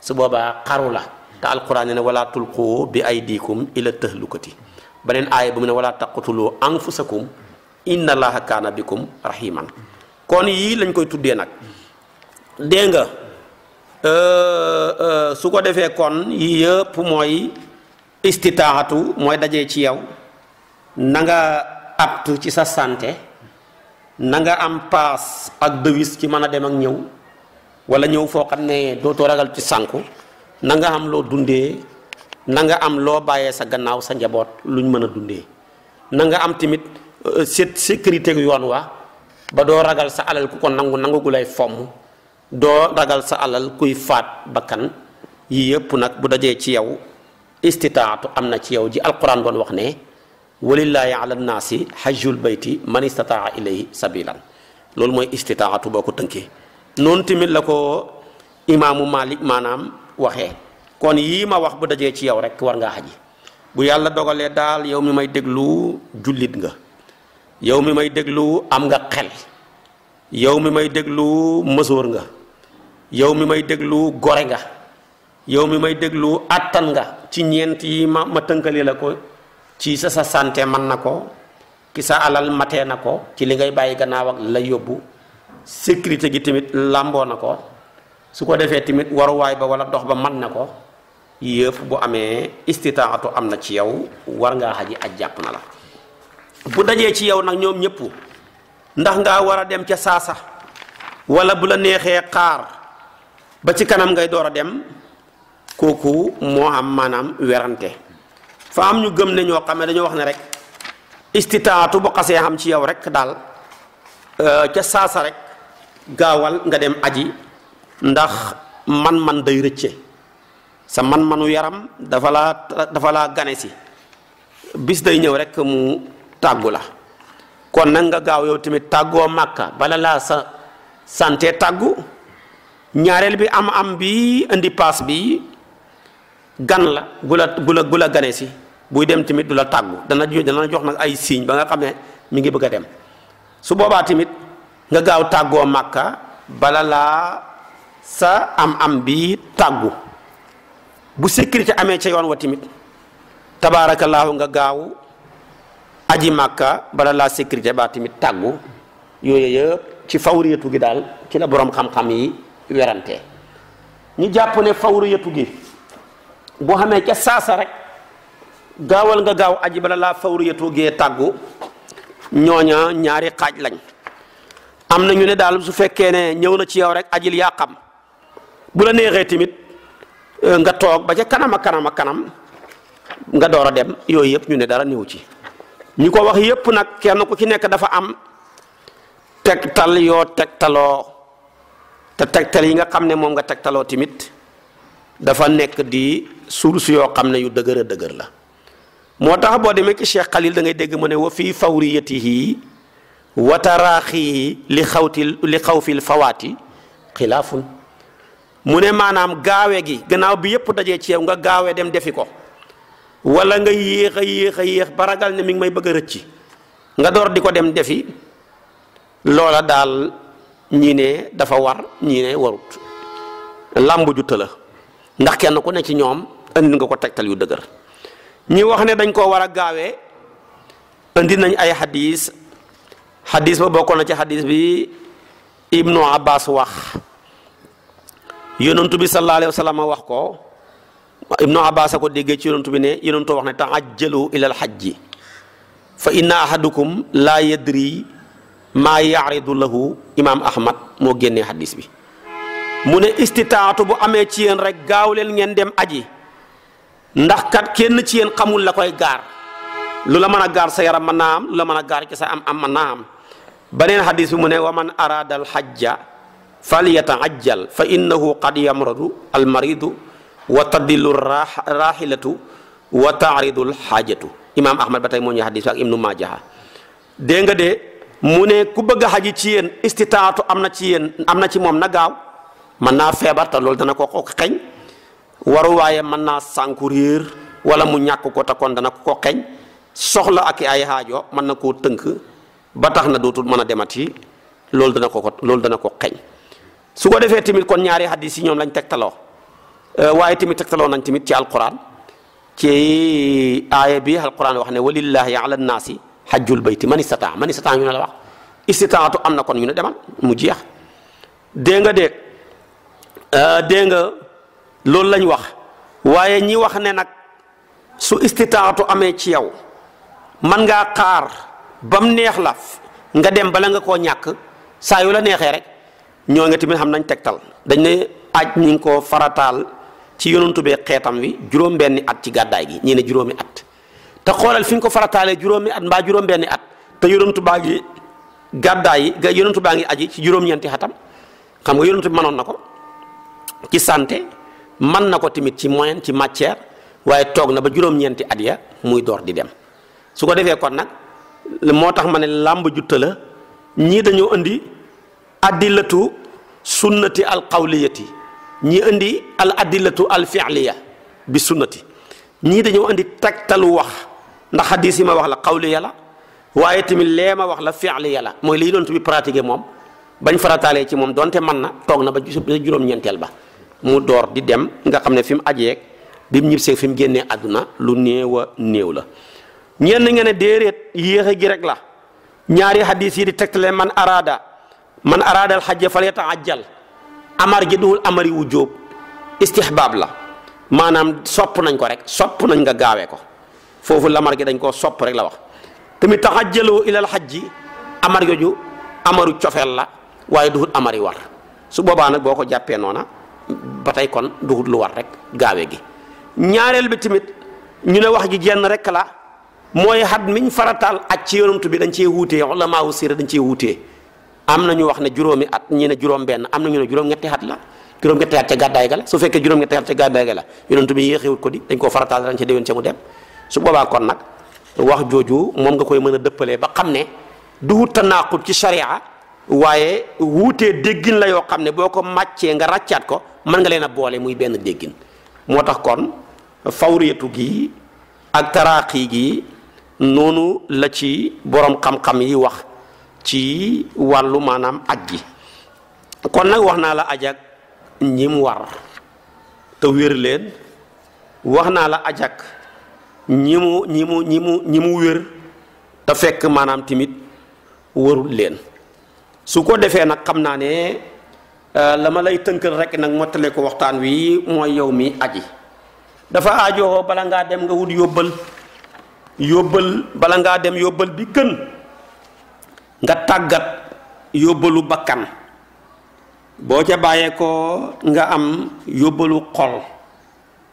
su boobaa xaru la te alquran ne ne wala tulqu bi aydikum ila tahlukati beneen aaya bu mu ne wala taqtulu anfusakum inna allaha kaana bikum rahiman kon yii lañ koy tuddee nag dégg nga euh, euh, su ko defee kon yii yëpp mooy istitaahatu mooy dajee ci yow na apte ci sa sante na nga am paas ak dewis ci mën a dem ak ñëw wala ñëw foo xam ne dootoo ragal ci sànku na nga am loo dundee na nga am loo bàyyee sa gannaaw sa njaboot luñ mën a dundee na nga am tamit euh, set yoon wa ba doo ragal sa alal ku ko nangu nangu gu lay fomm doo ragal sa alal kuy faat bakkan yi yëpp nag bu dajee ci yow istitaatu am na ci yow ji alquran doon wax ne walillaahi ala naasi hajjul bayti man istataa ilayhi sabilan loolu mooy istitaatu boo ko tënkee noonu tamit la ko imaamu Malik maanaam waxee kon yii ma wax bu dajee ci yow rek war ngaa xaji bu yàlla dogalee daal yow mi may déglu jullit nga yow mi may déglu am nga xel yow mi may déglu mësoor nga yow mi may déglu gore nga yow mi may déglu àttan nga ci ñeent yi ma ma tënkale la ko ci sa sa sante man na ko ki sa alal matee na ko ci li ngay bàyyi gannaaw ak la yóbbu sécurité gi tamit làmboo na ko su ko defee tamit waruwaay ba wala dox ba man na ko yëpp bu amee istitaatu am na ci yow war ngaa xaji aj jàpp na la bu dajee ci yow nag ñoom ñëpp ndax nga war a dem ca saasa wala bu la neexee xaar ba ci kanam ngay door a dem kooku moo am maanaam werante fa am ñu gëm ne ñoo xam ne dañoo wax ne rek istitaatu bu xasee xam ci yow rek daal euh, ca saasa rek gaawal nga dem aji ndax man-man day rëcce sa man-manu yaram dafa laa dafa laa gane si bis day ñëw rek mu tàggu la kon nag nga gaaw yow tamit tàggoo màkka bala laa sa santé tàggu ñaareel bi am am bi indi paas bi gan la gula gula gula gane si buy dem tamit du la tàggu dana dana jox nag ay signe ba nga xam ne mi ngi bëgg a dem su boobaa tamit nga gaaw tàggoo makka bala laa sa am-am bi tàggu bu sécurité amee ca yoon wa tamit tabaarakallaahu nga gaaw aji màkka bala laa sécurité baa tamit tàggu yooyu yëpp ci fawriyatu gi daal ci la boroom xam-xam yi werante ñu jàpp ne fawriyatu gi boo xamee ca saasa rek gaawal nga gaaw aji bala laa fawriyatu gee tàggu ñooña ñaari xaaj lañ am na ñu ne daal su fekkee ne ñëw na ci yow rek ajil yaa xam bu la neexee tamit euh, nga toog ba ca kanam ak kanam kanam nga door a dem yooyu yëpp ñu ne dara néew ci ñu ko wax yépp nag kenn ku ci nekk dafa am tegtal yoo tegtaloo te tegtal yi nga xam ne moom nga tegtaloo tamit dafa nekk di source yoo xam ne yu dëgër a dëgër la moo tax boo demee ci Cheikh Khalil da ngay dégg mu ne wa fii fawriyatihi wa taraaxihi li xawtil li xaw xawfil fawaati xilaafun mu ne maanaam gaawe gi gannaaw bi yëpp dajee ci yow nga gaawee dem defi ko wala nga yéex a yéex a yéex ba ragal ne mi ngi may bëgg a rëcc nga door di ko dem defi loola daal ñii ne dafa war ñii ne warut làmb jutta ndax kenn ku ne ci ñoom andi nga ko tegtal yu dëgër ñi wax ne dañ koo war a gaawee indi nañ ay xadiis xadiis ba bokkoon na ci xadis bi ibnu abbas wax yonentu bi sallallahu alayhi wa sallam wax ko ibnu abbas a ko déggee ci yonentu bi ne yonentu wax ne taajjalu ilal xajji fa inna ahadukum laa yadri maa yaaridu lahu imaam ahmad moo génnee xadiis bi mu ne istitaatu bu amee ci yéen rek gaaw leen ngeen dem aji ndax kat kenn ci yéen xamul la koy gaar lu la mën a gaar sa yaram mën naa am la mën a gaar ci sa am am mën naa am beneen xadis mu ne wa man araada al xajja fal fa innahu qad yamradu al maridu wa tadillu rahilatu wa taaridu al xaajatu imaam ahmad ba tey moo ñuy xadis ak ibnu maajaha dégg nga de mu ne ku bëgg a xaji ci yéen istitaatu am na ci yéen am na ci moom na gaaw mën naa feebar te loolu dana ko xeñ waruwaayam mën naa sànku réer wala mu ñàkk ko te kon dana ko ko xeñ soxla ak ay haajo mën na ko tënk ba tax na dootul mën a demati loolu dana ko ko loolu dana ko xeñ su ko defee tamit kon ñaari hadis yi ñoom lañ tegtaloo euh, waaye tamit tegtaloo nañ tamit ci alquran ci aaya bi alquran wax ne walillahi ala nnaasi hajjul bayti man istataa man istataa ñu ne la wax istitaatu am na kon ñu ne demal mu jeex dégg nga euh, nga loolu lañ wax waaye ñi wax ne nag su istitaatu amee ci yow man ngaa xaar bam neex la nga dem bala nga koo ñàkk saa yu la neexee rek ñoo nga tamit xam nañ tegtal dañ ne aj ñu ngi ko farataal ci yonantu bee xeetam wi juróom benni at ci gàddaay gi ñi ne juróomi at te xoolal fi ñu ko farataalee juróomi at mbaa juróom benni at te yonantu baa ngi gàddaay yi ga yonantu baa ngi aji ci juróom-ñeenti xatam xam nga yonantu bi mënoon na ko ci santé man na ko tamit ci moyen ci matière waaye toog na ba juróom-ñeenti at ya muy door di dem su ko defee kon nag moo tax ma ne làmb jutta la ñii dañoo indi addilatu sunnati al qawliyati ñii indi al addilatu al fi'liya bi sunnati ñii dañoo indi tegtalu wax ndax xadis yi ma wax la qawliya la waaye tamit lee ma wax la fi'liya la mooy lii doon bi pratiquer moom bañ farataalee ci moom donte man na toog na ba juróom-ñeenteel ba mu door di dem nga xam ne fi mu ajeeg bi mu ñibsee fi mu génnee àdduna lu néew a néew la ñenn nga ne déeréet yéexe gi rek la ñaari hadis yi di tegtale man araada man araada al xajja fal yataajjal amar ji duwul amari wu jóob istihbaab la maanaam sopp nañ ko rek sopp nañ nga gaawee ko foofu lamar gi dañ koo sopp rek la wax tamit taxajjaloo ilal xajji amar jooju amaru cofeel la waaye duhut amari war su boobaa nag boo ko jàppee noona ba tey kon dugut lu war rek gaawe gi ñaareel bi tamit ñu ne wax ji jenn rek la mooy xat miñ farataal aj ci yonantu bi dañ cee wuutee ulamaawu siira dañ cee wuutee am na ñu wax ne juróomi at ñi ne juróom benn am na ñu ne juróom-ñetti at la juróom-ñetti at ca gàddaay ga la su fekkee juróom-ñetti at ca gàddaay ga la yonantu bi yéexewut ko di dañ koo farataal dañ ca déwén ca mu dem su boobaa kon nag wax jooju moom nga koy mën a dëppalee ba xam ne duwut tanaaqub ci sharia waaye wuutee déggin la yoo xam ne boo ko màccee nga ràccaat ko mën nga leen a boole muy benn déggin moo tax kon fawriyatu gi ak taraaqi gi noonu la ci boroom xam-xam yi wax ci wàllu maanaam aj gi kon nag wax naa la ajag ñi mu war te wér leen wax naa la aj ak ñi mu ñi mu ñi mu wér te fekk maanaam tamit warul leen su ko defee nag xam naa ne euh, la ma lay tënkal rek nag mottale ko waxtaan wi mooy yow mi aji dafa ajoo bala ngaa dem nga wut yóbbal yóbbal bala ngaa dem yóbbal bi gën nga tàggat yóbbalu bakkan boo ca bàyyee ko nga am yóbbalu xol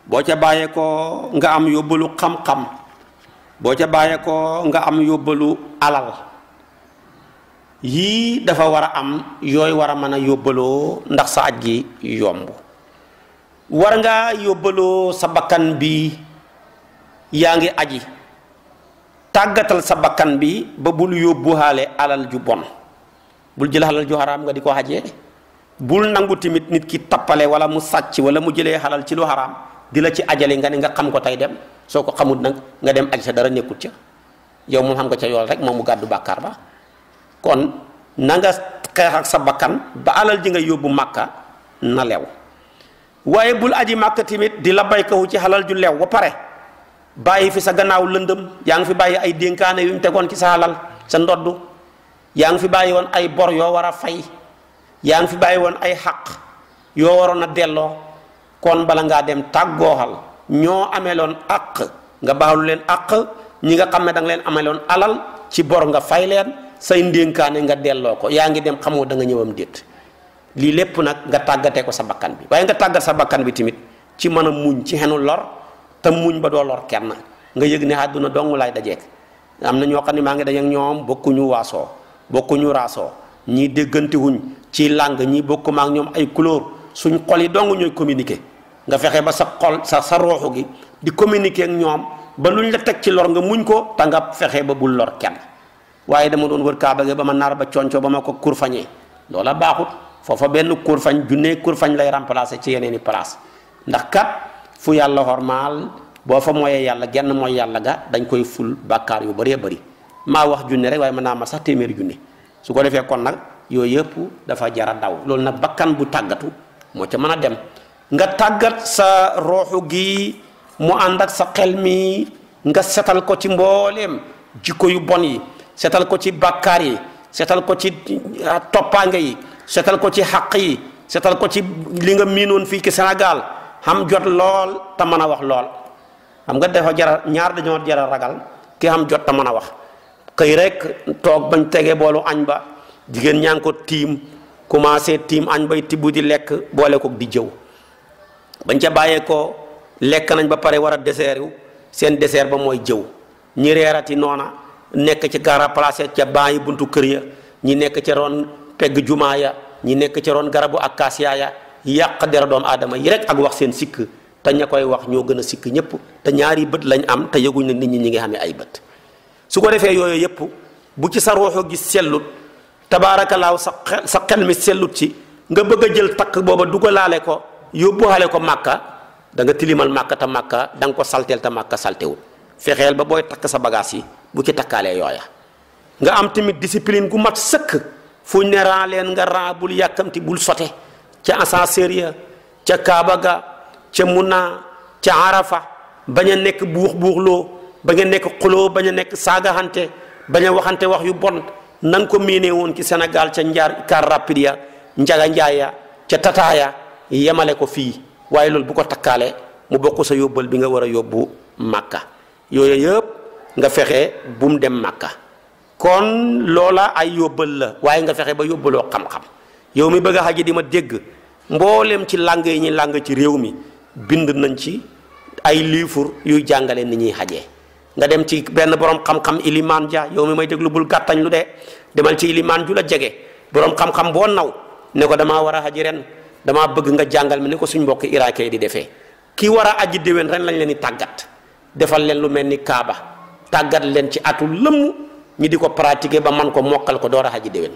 boo ca bàyyee ko nga am yóbbalu xam-xam boo ca bàyyee ko nga am yóbbalu alal yii dafa war a am yooy war a mën a yóbbaloo ndax sa aj gi yomb war ngaa yóbbaloo sa bakkan bi yaa ngi aji tàggatal sa bakkan bi ba bul yóbbuwaale alal ju bon bul jël alal ju xaraam nga di ko xajee bul nangu tamit nit ki tappale wala mu sàcc wala mu jëlee xalal ci lu xaraam di la ci ajali nga ne nga xam ko tey dem soo ko xamut nag nga dem aj sa dara nekkut ca yow moom xam nga ca yool rek moom mu gàddu bàkkaar ba kon na nga xeex ak sa bakkan ba alal ji ngay yóbbu màkka na lew waaye bul aji màkka tamit di la baykawu ci xalal ju lew ba pare bàyyi fi sa gannaaw lëndëm yaa ngi fi bàyyi ay dénkaane yu ñu tegoon ci sa xalal sa ndodd yaa ngi fi bàyyi woon ay bor yoo war a fay yaa ngi fi bàyyi woon ay xaq yoo waroon a delloo kon bala ngaa dem tàggooxal ñoo ameloon aq nga baalu leen àq ñi nga xam ne da leen amee loon alal ci bor nga fay leen say ndénkaane nga delloo ko yaa ngi dem xamoo da nga ñëwam déet lii lépp nag nga tàggatee ko sa bakkan bi waaye nga tàggat sa bakkan bi tamit ci man a muñ ci xenu lor te muñ ba doo lor kenn nga yëg ne àdduna dong laay dajeek am na ñoo xam ne maa ngi dajeek ñoom bokkuñu waasoo bokkuñu raaso ñii déggantewuñ ci làng ñi bokku ak ñoom ay couleur suñ xol yi dong ñooy communiqué nga fexe ba sa xol sa sa rooxu gi di communiquer ak ñoom ba luñ la teg ci lor nga muñ ko te nga fexe ba bul lor kenn waaye dama doon wër kaaba gi ba ma nar ba conco ba ma ko kurfañee loola baaxut foofa benn kurfañ junne kurfañ lay remplacer ci yeneen i place ndax kat fu yàlla xormaal boo fa mooyee yàlla genn mooy yàlla ga dañ koy ful bàkkaar yu baree bari maa wax junne rek waaye mën naa ma sax téeméer junne su ko defee kon nag yooyu yëpp dafa jara daw loolu nag bakkan bu tàggatu moo ca mën a dem nga tàggat sa rooxu gi mu ànd ak sa xel mi nga setal ko ci mbooleem jikko yu bon yi setal ko ci bàkkaar yi setal ko ci ah, toppaanga yi setal ko ci xaq yi setal ko ci li nga miinoon fii ci Sénégal xam jot lool te mën a wax lool xam nga dafa jara ñaar dañoo jara ragal ki xam jot te mën a wax këy rek toog bañ tegee boolu añ ba jigéen ñaa ngi ko tiim commencé tiim añ bay tibbu di lekk boole ko di jëw bañ ca bàyyee ko lekk nañ ba pare war a dessert seen dessert ba mooy jëw ñi reerati noona nekk ci gara placé ca bàyyi buntu kër ya ñi nekk ca ron pegg jumaa ya ñi nekk ca ron garabu akaasiya ya yàq dera doomu aadama yi rek ak wax seen sikk te ña koy wax ñoo gën a sikk ñëpp te ñaari bët lañ am te yëguñ ne nit ñi ñi ngi xamee ay bët su ko defee yooyu yëpp bu ci sa ruuxu gi sellut tabaarakallaahu sa sa xel mi sellut ci nga bëgg a jël takk booba du ko laale ko màkka da nga tilimal màkka te màkka danga ko salteel te màkka saltewul fexeel ba booy takk sa bagage yi bu ci takkaalee yooya nga am tamit discipline gu mat sëkk fu ñu ne ran nga ran bul yàkkamti bul sote ca ascenseur ya ca Kaaba ga ca Muna ca Arafa bañ a nekk buux buuxloo bañ a nekk xuloo bañ a nekk saagaxante bañ a waxante wax yu bon nan ko miinee woon ci Sénégal ca njaar car rapide ya njaga njaaya ca tataaya yemale ko fii waaye loolu bu ko takkaale mu bokk sa yóbbal bi nga war a yóbbu màkka yooyu yëpp nga fexe bu mu dem màkka kon loola ay yóbbal la waaye nga fexe ba yóbbaloo xam-xam yow mi bëgg a xaji di ma dégg mboolem ci làng yi ñuy làng ci réew mi bind nañ ci ay liifur yuy jàngale ni ñuy xaje nga dem ci benn borom xam-xam ilimaan ja yow mi may déglu bul gàttañ lu de demal ci ilimaan ju la jege borom xam-xam boo naw ne ko damaa war a xaj ren damaa bëgg nga jàngal mi ni ko suñ mbokk iraakee di defee ki war a aji déwén ren lañ leen di tàggat defal leen lu mel ni kaaba tàggat leen ci atu lëmm ñi di ko pratiquer ba man ko mokkal ko door a xaji déwén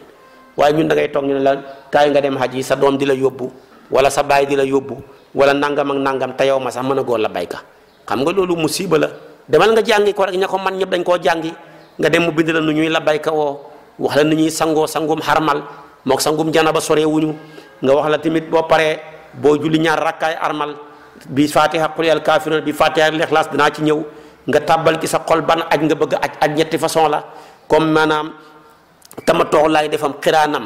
waaye ñun da ngay toog ñu ne la kaay nga dem xaj yi sa doom di la yóbbu wala sa baay di la yóbbu wala nangam ak nangam te yow ma sax mën a góor la bayka xam nga loolu musiba la demal nga jàngi ko rek ña ko man ñëpp dañ koo jàngi nga dem mu bind la nu ñuy la bayka woo wax la nu ñuy sangoo sangum xarmal moog sangum jana ba sore wuñu nga wax la tamit boo paree boo julli ñaar rakkaay armal bi fatiha qul yal kafirun bi fatiha al ikhlas ci ñëw nga tàmbal ci sa xol ban aj nga bëgg aj aj ñetti façon la comme maanaam tamatoox laay defam xiraanam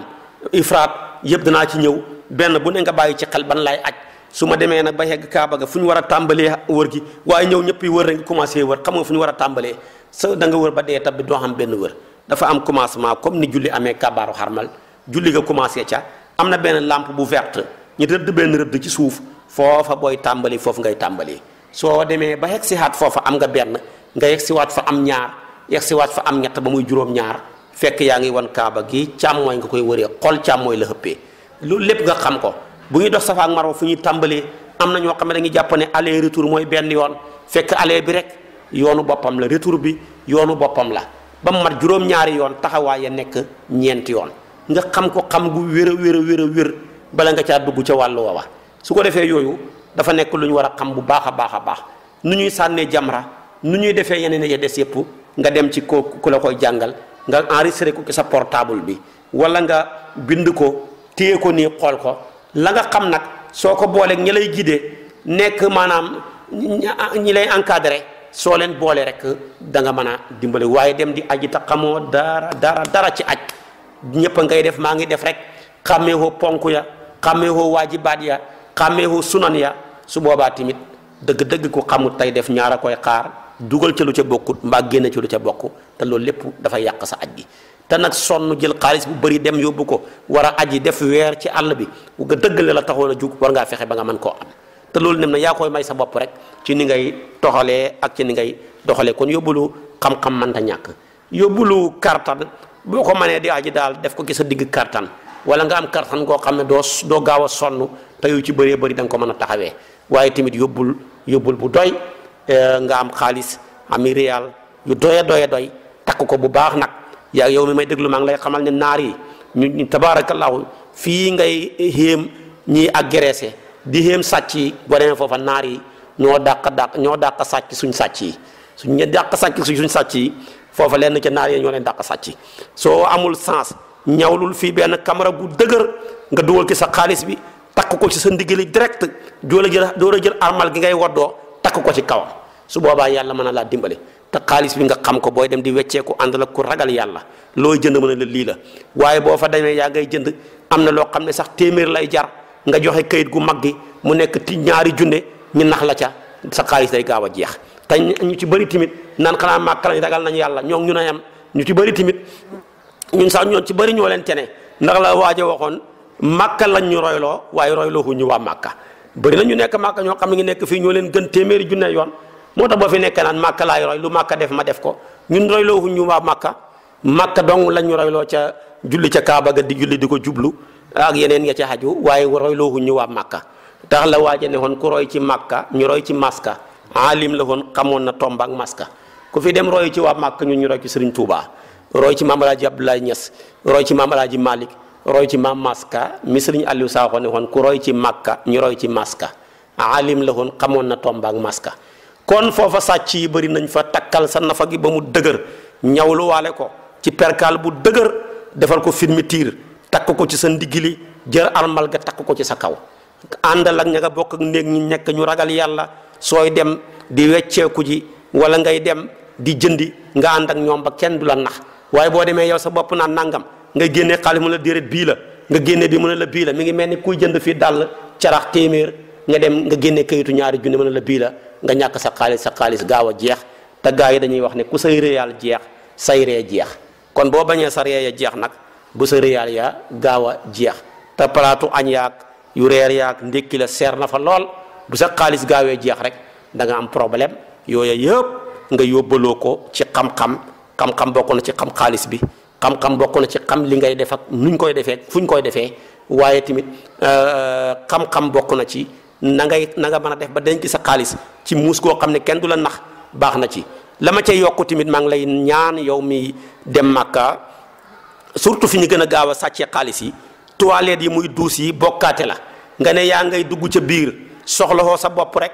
ifraat yëpp danaa ci ñëw benn bu ne nga bàyyi ci xel ban laay aj su ma demee nag ba yegg kaaba ga fu ñu war a tàmbalee wër gi waaye ñëw ñëpp yi wër rek commencé wër xam nga fu ñu war a tàmbalee sa da nga wër ba dee tab bi doo xam benn wër dafa am commencement comme ni julli amee kabaaru xarmal julli nga commencé ca am na benn lampe bu verte ñu rëdd benn rëdd ci suuf foofa booy tàmbali foofu ngay tàmbali soo demee ba yegg si waat foofa am nga benn nga yegg si fa am ñaar yegg si fa am ñett ba muy juróom-ñaar fekk yaa ngi wan kaaba gi càmm càmmooy nga koy wëree xol càmmooy la xëppee loolu lépp nga xam ko bu ñuy dox safa ak marwa fu ñuy tàmbalee am na ñoo xam ne dañuy jàpp ne aller retour mooy benn yoon fekk aller bi rek yoonu boppam la retour bi yoonu boppam la ba mu mat juróom-ñaari yoon taxawaay nekk ñeenti yoon nga xam ko xam gu wéra a wér wér a bala nga caa dugg ca wàllu woowa su ko defee yooyu dafa nekk lu ñu war a xam bu baax a baax a baax nu ñuy sànnee jamra nu ñuy defee yeneen ya des yëpp nga dem ci ko ku jàngal nga enregistré ko ci sa portable bi wala nga bind ko téye ko nii xool ko la nga xam nag soo ko booleeg ñi lay guider nekk maanaam ñi lay encadré soo leen boole rek da nga mën a dimbali waaye dem di aji ta xamoo dara dara dara ci aj ñëpp ngay def maa ngi def rek xàmmeewoo ponk ya xàmmeewoo waajibaat ya xàmmeewoo sunan ya su boobaa tamit dëgg-dëgg ko xamut tey def ñaar a koy xaar dugal ca lu ca bokkut mbaa génn ca lu ca bokk te loolu lépp dafay yàq sa aj gi te nag sonn jël xaalis bu bëri dem yóbbu ko war a aji def weer ci àll bi bu nga dëgg la la taxoon a jug war ngaa fexe ba nga man koo am te loolu nem na yaa koy may sa bopp rek ci ni ngay toxalee ak ci ni ngay doxalee kon yóbbulu xam-xam mënta ñàkk yóbbulu kartan boo ko mënee di aji daal def ko gis a digg kartan wala nga am kartan goo xam ne doo doo gaaw sonn te yu ci bëree bëri da mën a taxawee waaye tamit yóbbul yóbbul bu doy eh, nga am xaalis ami réal yu doya doya doy takk ko bu baax nag yaa yow mi may déglu maa ngi lay xamal ne naar yi ñu tabaarakallaahu fii ngay xéem ñiy agressé di xéem sàcc yi boo demee foofa naar yi ñoo dàq dàq ñoo dàq sàcc suñ sàcc yi suñ ñe dàq sàcc suñ sàcc yi foofa lenn ca naar yi ñoo leen dàq sàcc soo amul sens ñawlul fii benn kamara gu dëgër nga dugal ci sa xaalis bi takk ko ci sa ndiggali direct doo la jël doo la jël armal gi ngay woddoo takk ko ci kawam su boobaa yàlla mën na laa dimbale te xaalis bi nga xam ko booy dem di wecceeku ànd la ku ragal yàlla looy jënd mën a la lii la waaye boo fa demee yaa ngay jënd am na loo xam ne sax téeméer lay jar nga joxe kayit gu mag gi mu nekk ti ñaari junne ñu nax la ca sa xaalis gaaw a jeex te ñu ci bëri tamit naan xanaa màkk lañ ragal nañ yàlla ñoo ñu ne am ñu ci bari tamit ñun sax ñoon ci bëri ñoo leen tene ndax la waaja waxoon makka lañ ñu royloo waaye royloo hu ñu waa màkka bëri na ñu nekk màkka ñoo xam ne ngi nekk fii ñoo leen gën téeméeri junne yoon moo tax boo fi nekkee naan màkka laay lu màkka def ma def ko ñun royloo hu ñu waa màkka màkka dong lañ ñu royloo ca julli ca kaaba ga di julli di ko jublu ak yeneen ya ca waaye royloo hu màkka tax la waaja ne woon ku roy ci màkka ñu roy ci maska aalim la woon xamoon na tomba ak maska ku fi dem roy ci waa màkka ñun ñu roy ci sëriñ Tuubaa roy ci maam Alaaji Abdoulaye Niass roy ci maam Alaaji Malick roy ci maam maska mi sëriñ Aliou Sakho ne woon ku roy ci makka ñu roy ci maska alim la woon xamoon na tomba ak maska kon foofa sàcc yi bëri nañ fa takkal sa nafa gi ba mu dëgër ñawlu waale ko ci perkaal bu dëgër defal ko fermeture takk ko ci sa ndigili jël armal ga takk ko ci sa kaw àndal ak ña nga bokk ak néeg ñi nekk ñu ragal yàlla sooy dem di wecceeku ji wala ngay dem di jëndi nga ànd ak ñoom ba kenn du la nax waaye boo demee yow sa bopp naan nangam nga génne xaalis mu la déedéet bii la nga génne bi mu ne la bii la mi ngi mel ni kuy jënd fii dàll carax téeméer nga dem nga génne kayitu ñaari junni mu ne la bii la nga ñàkk sa xaalis sa xaalis gaaw a jeex te gaaw yi dañuy wax ne ku say réyal jeex say ree jeex kon boo bañee sa ree ya jeex nag bu sa réyal yaa gaaw a jeex te palaatu añ yaag yu reer yaag ndékki la seer na fa lool bu sa xaalis gaawee jeex rek da nga am problème yooya yëpp nga yóbbaloo ko ci xam-xam bokk na ci xam xaalis bi xam-xam bokk na ci xam li ngay def ak nuñ koy defee fu ñu koy defee waaye tamit euh, xam-xam bokk na ci na ngay na nga mën a def ba denc sa xaalis ci muus goo xam ne kenn du la nax baax na ci la ma cay yokku tamit maa ngi lay ñaan yow mi dem Makka surtout fi ñu gën a gaaw a sàccee xaalis yi toilettes yi muy duus yi bokkaate la nga ne yaa ngay dugg ca biir soxlawoo sa bopp rek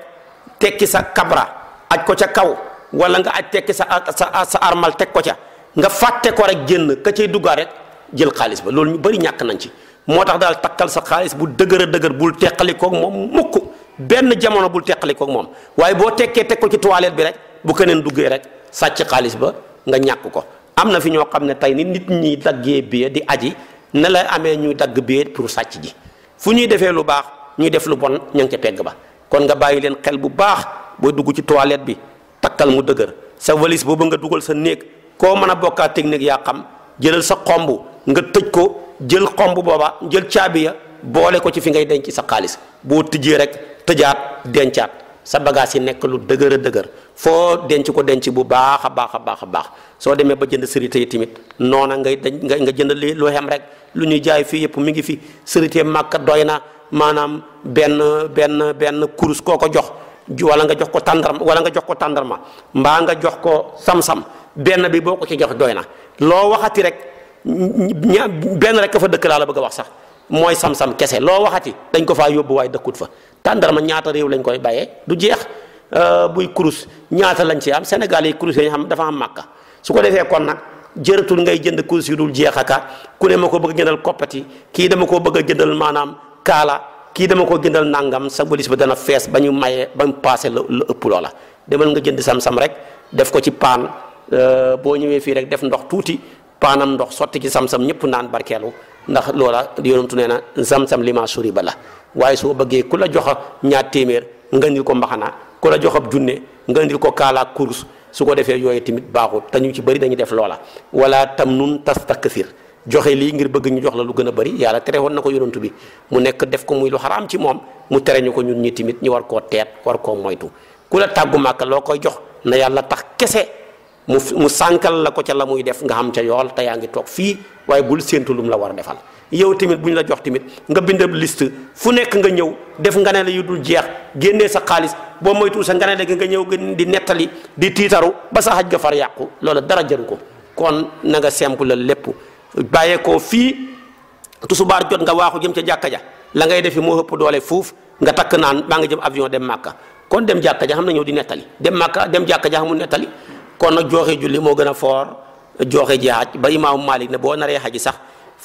tekki sa kabra aj ko ca kaw wala nga aj tekki sa sa sa armal teg ko ca nga fàtte ko rek génn ka cay duggaat rek jël xaalis ba loolu ñu bari ñàkk nañ ci moo tax daal takkal sa xaalis bu dëgër a dëgër bul teqali koog moom mukk benn jamono bul teqali koog moom waaye boo tekkee teg ko ci toilette bi rek bu keneen duggee rek sàcc xaalis ba nga ñàkk ko am na fi ñoo xam ne tey ni nit ñi daggee billet di aji ne la amee ñuy dagg billet pour sàcc ji fu ñuy defee lu baax ñuy def lu bon ña ngi ca pegg ba kon nga bàyyi leen xel bu baax boo dugg ci toilette bi takkal mu dëgër sa valise boobu nga dugal sa néeg koo mën a bokkaa technique yaa xam jëlal sa xomb nga tëj ko jël xomb booba jël caabi ya boole ko ci fi ngay denc sa xaalis boo tijjee rek tëjaat dencaat sa bagage yi nekk lu dëgër a dëgër foo denc ko denc bu baax a baax a baax a baax soo demee ba jënd sérité yi tamit noona ngay dañ nga nga jënd li lu xem rek lu ñuy jaay fii yëpp mu ngi fi sérité màkka doy na maanaam benn benn benn kurus koo ko jox wala nga jox ko tàndarma wala nga jox ko tàndarma mbaa nga jox ko sam benn bi boo ko ci jox doy na loo waxati rek ña benn rek ka fa dëkk laa la bëgg a wax sax mooy sam-sam kese loo waxati dañ ko faa yóbbu waaye dëkkut fa tàndarma ñaata réew lañ koy bayee du jeex euh, buy kurus ñaata lañ ci am Sénégal yi kurus yi xam dafa am màkka su ko defee kon nag jëratul ngay jënd kurus yu dul jeex aka ku ne ma ko bëgg a jëndal koppati kii dama ko bëgg a jëndal maanaam kaala kii dama ko jëndal nangam sa bolis bi dana fees ba ñu mayee ba mu paase la ëpp loola demal nga jënd sam-sam rek def ko ci paan Euh, boo ñëwee fii rek def ndox tuuti paanam ndox sotti ci sam ñëpp naan barkeelu ndax loola yonentu nee na samsam li ma suri ba la waaye soo bëggee ku la joxa ñaar téeméer nga ndil ko mbaxana ku la joxab junne nga ko kaala kurus su ko defee yooyu tamit baaxul te ñu ci bëri dañuy def loola wala tam nun tastakthir joxe lii ngir bëgg ñu jox la lu gën a bëri yàlla tere woon na ko yonantu bi mu nekk def ko muy lu xaraam ci moom mu tere ñu ko ñun ñi tamit ñu war koo teet war koo moytu ku la tàggu màkk loo koy jox na yàlla tax kese mu mu sànkal la ko ca la muy def nga xam ca yool te yaa ngi toog fii waaye bul séentu lu la war a defal yow tamit bu ñu la jox tamit nga bindab liste fu nekk nga ñëw def nga ne yu dul jeex génnee sa xaalis boo moytuwul sa nga ne nga ñëw gën di nettali di tiitaru ba sa xaj ga yàqu loola dara jaru ko kon na nga simple la lépp bàyyeekoo fii tusubaar jot nga waaxu jëm ca jàkka ja la ngay defi moo ëpp doole fuuf nga takk maa ngi jëm avion dem màkka kon dem jàkka ja xam na ñëw di nettali dem màkka dem jàkka ja xamul nettali kon nag jooxe julli moo gën a foor jooxe ji xaj ba imaamu Malik ne boo naree xaji sax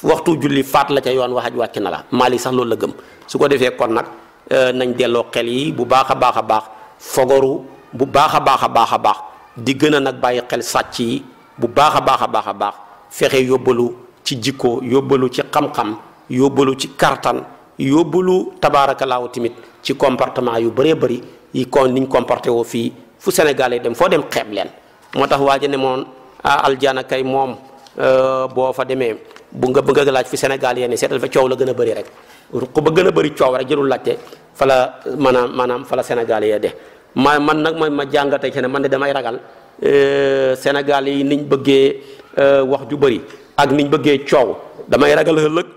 waxtu julli faat la ca yoon wa xaj wàcc na la Malik sax loolu la gëm su ko defee kon nag euh, nañ delloo xel yi bu baax a baax a baax fogoru bu baax a baax a baax a baax di gën a nag bàyyi xel sàcc yi bu baax a baax a baax a baax fexe yóbbalu ci jikko yóbbalu ci xam-xam yóbbalu ci kartan yóbbalu tabaarakalaaw tamit ci comportement yu bëree bëri yi kon niñ comporté woo fii fu Sénégalais dem foo dem xeeb leen moo tax waa ji ne moom ah aljana kay moom euh, boo fa demee bu nga bëgg a laaj fi Sénégal yéen seetal fa coow la gën a bëri rek ku ba gën a bëri coow rek jërul laajte fa la maanaam maanaam fa la Sénégal yee de ma man nag ma ma jàngatee ci ne man de damay ragal euh, Sénégal yi niñ bëggee euh, wax ju bëri ak niñ bëggee coow damay ragal ëllëg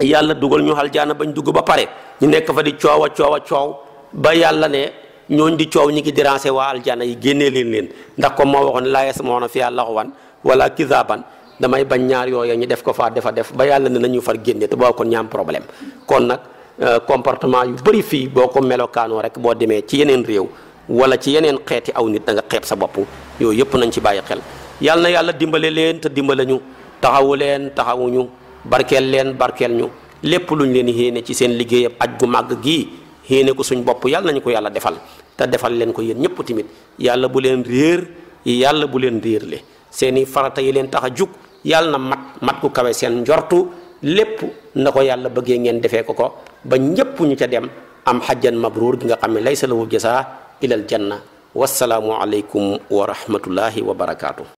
yàlla dugal ñu aljana bañ dugg ba pare ñu nekk fa di coowa a coow coow ba yàlla ne. ñooñ di coow ñi ngi déranger waa aljana yi génnee leen leen ndax comme moo waxoon laa yasmauna fiha laxwan wala kizaban damay bañ ñaar yooyu ñu def ko faa defa def ba yàlla ne nañu far génne te boo kon ñaam problème kon nag euh, comportement yu bëri fii boo ko melokaanoo rek boo demee ci yeneen réew wala ci yeneen xeeti aw nit da nga xeeb sa bopp yooyu yëpp nañ ci bàyyi xel yàlla na yàlla dimbale leen te dimbale ñu taxawu leen taxawuñu barkeel leen barkeel ñu lépp luñ leen yéene ci seen liggéeyam aj gu màgg gii yéene ko suñ bopp yàlla nañu ko yàlla defal te defal leen ko yéen ñëpp tamit yàlla bu leen réer yàlla bu leen réerle seeni farata yi leen tax a jug yàlla na mat mat ku kawe seen njortu lépp na ko yàlla bëggee ngeen defee ko ko ba ñépp ñu ca dem am xajjan mabruur gi nga xam ne laysa lahu saa ilal janna wassalaamu aleykum wa rahmatullahi wa barakaatu.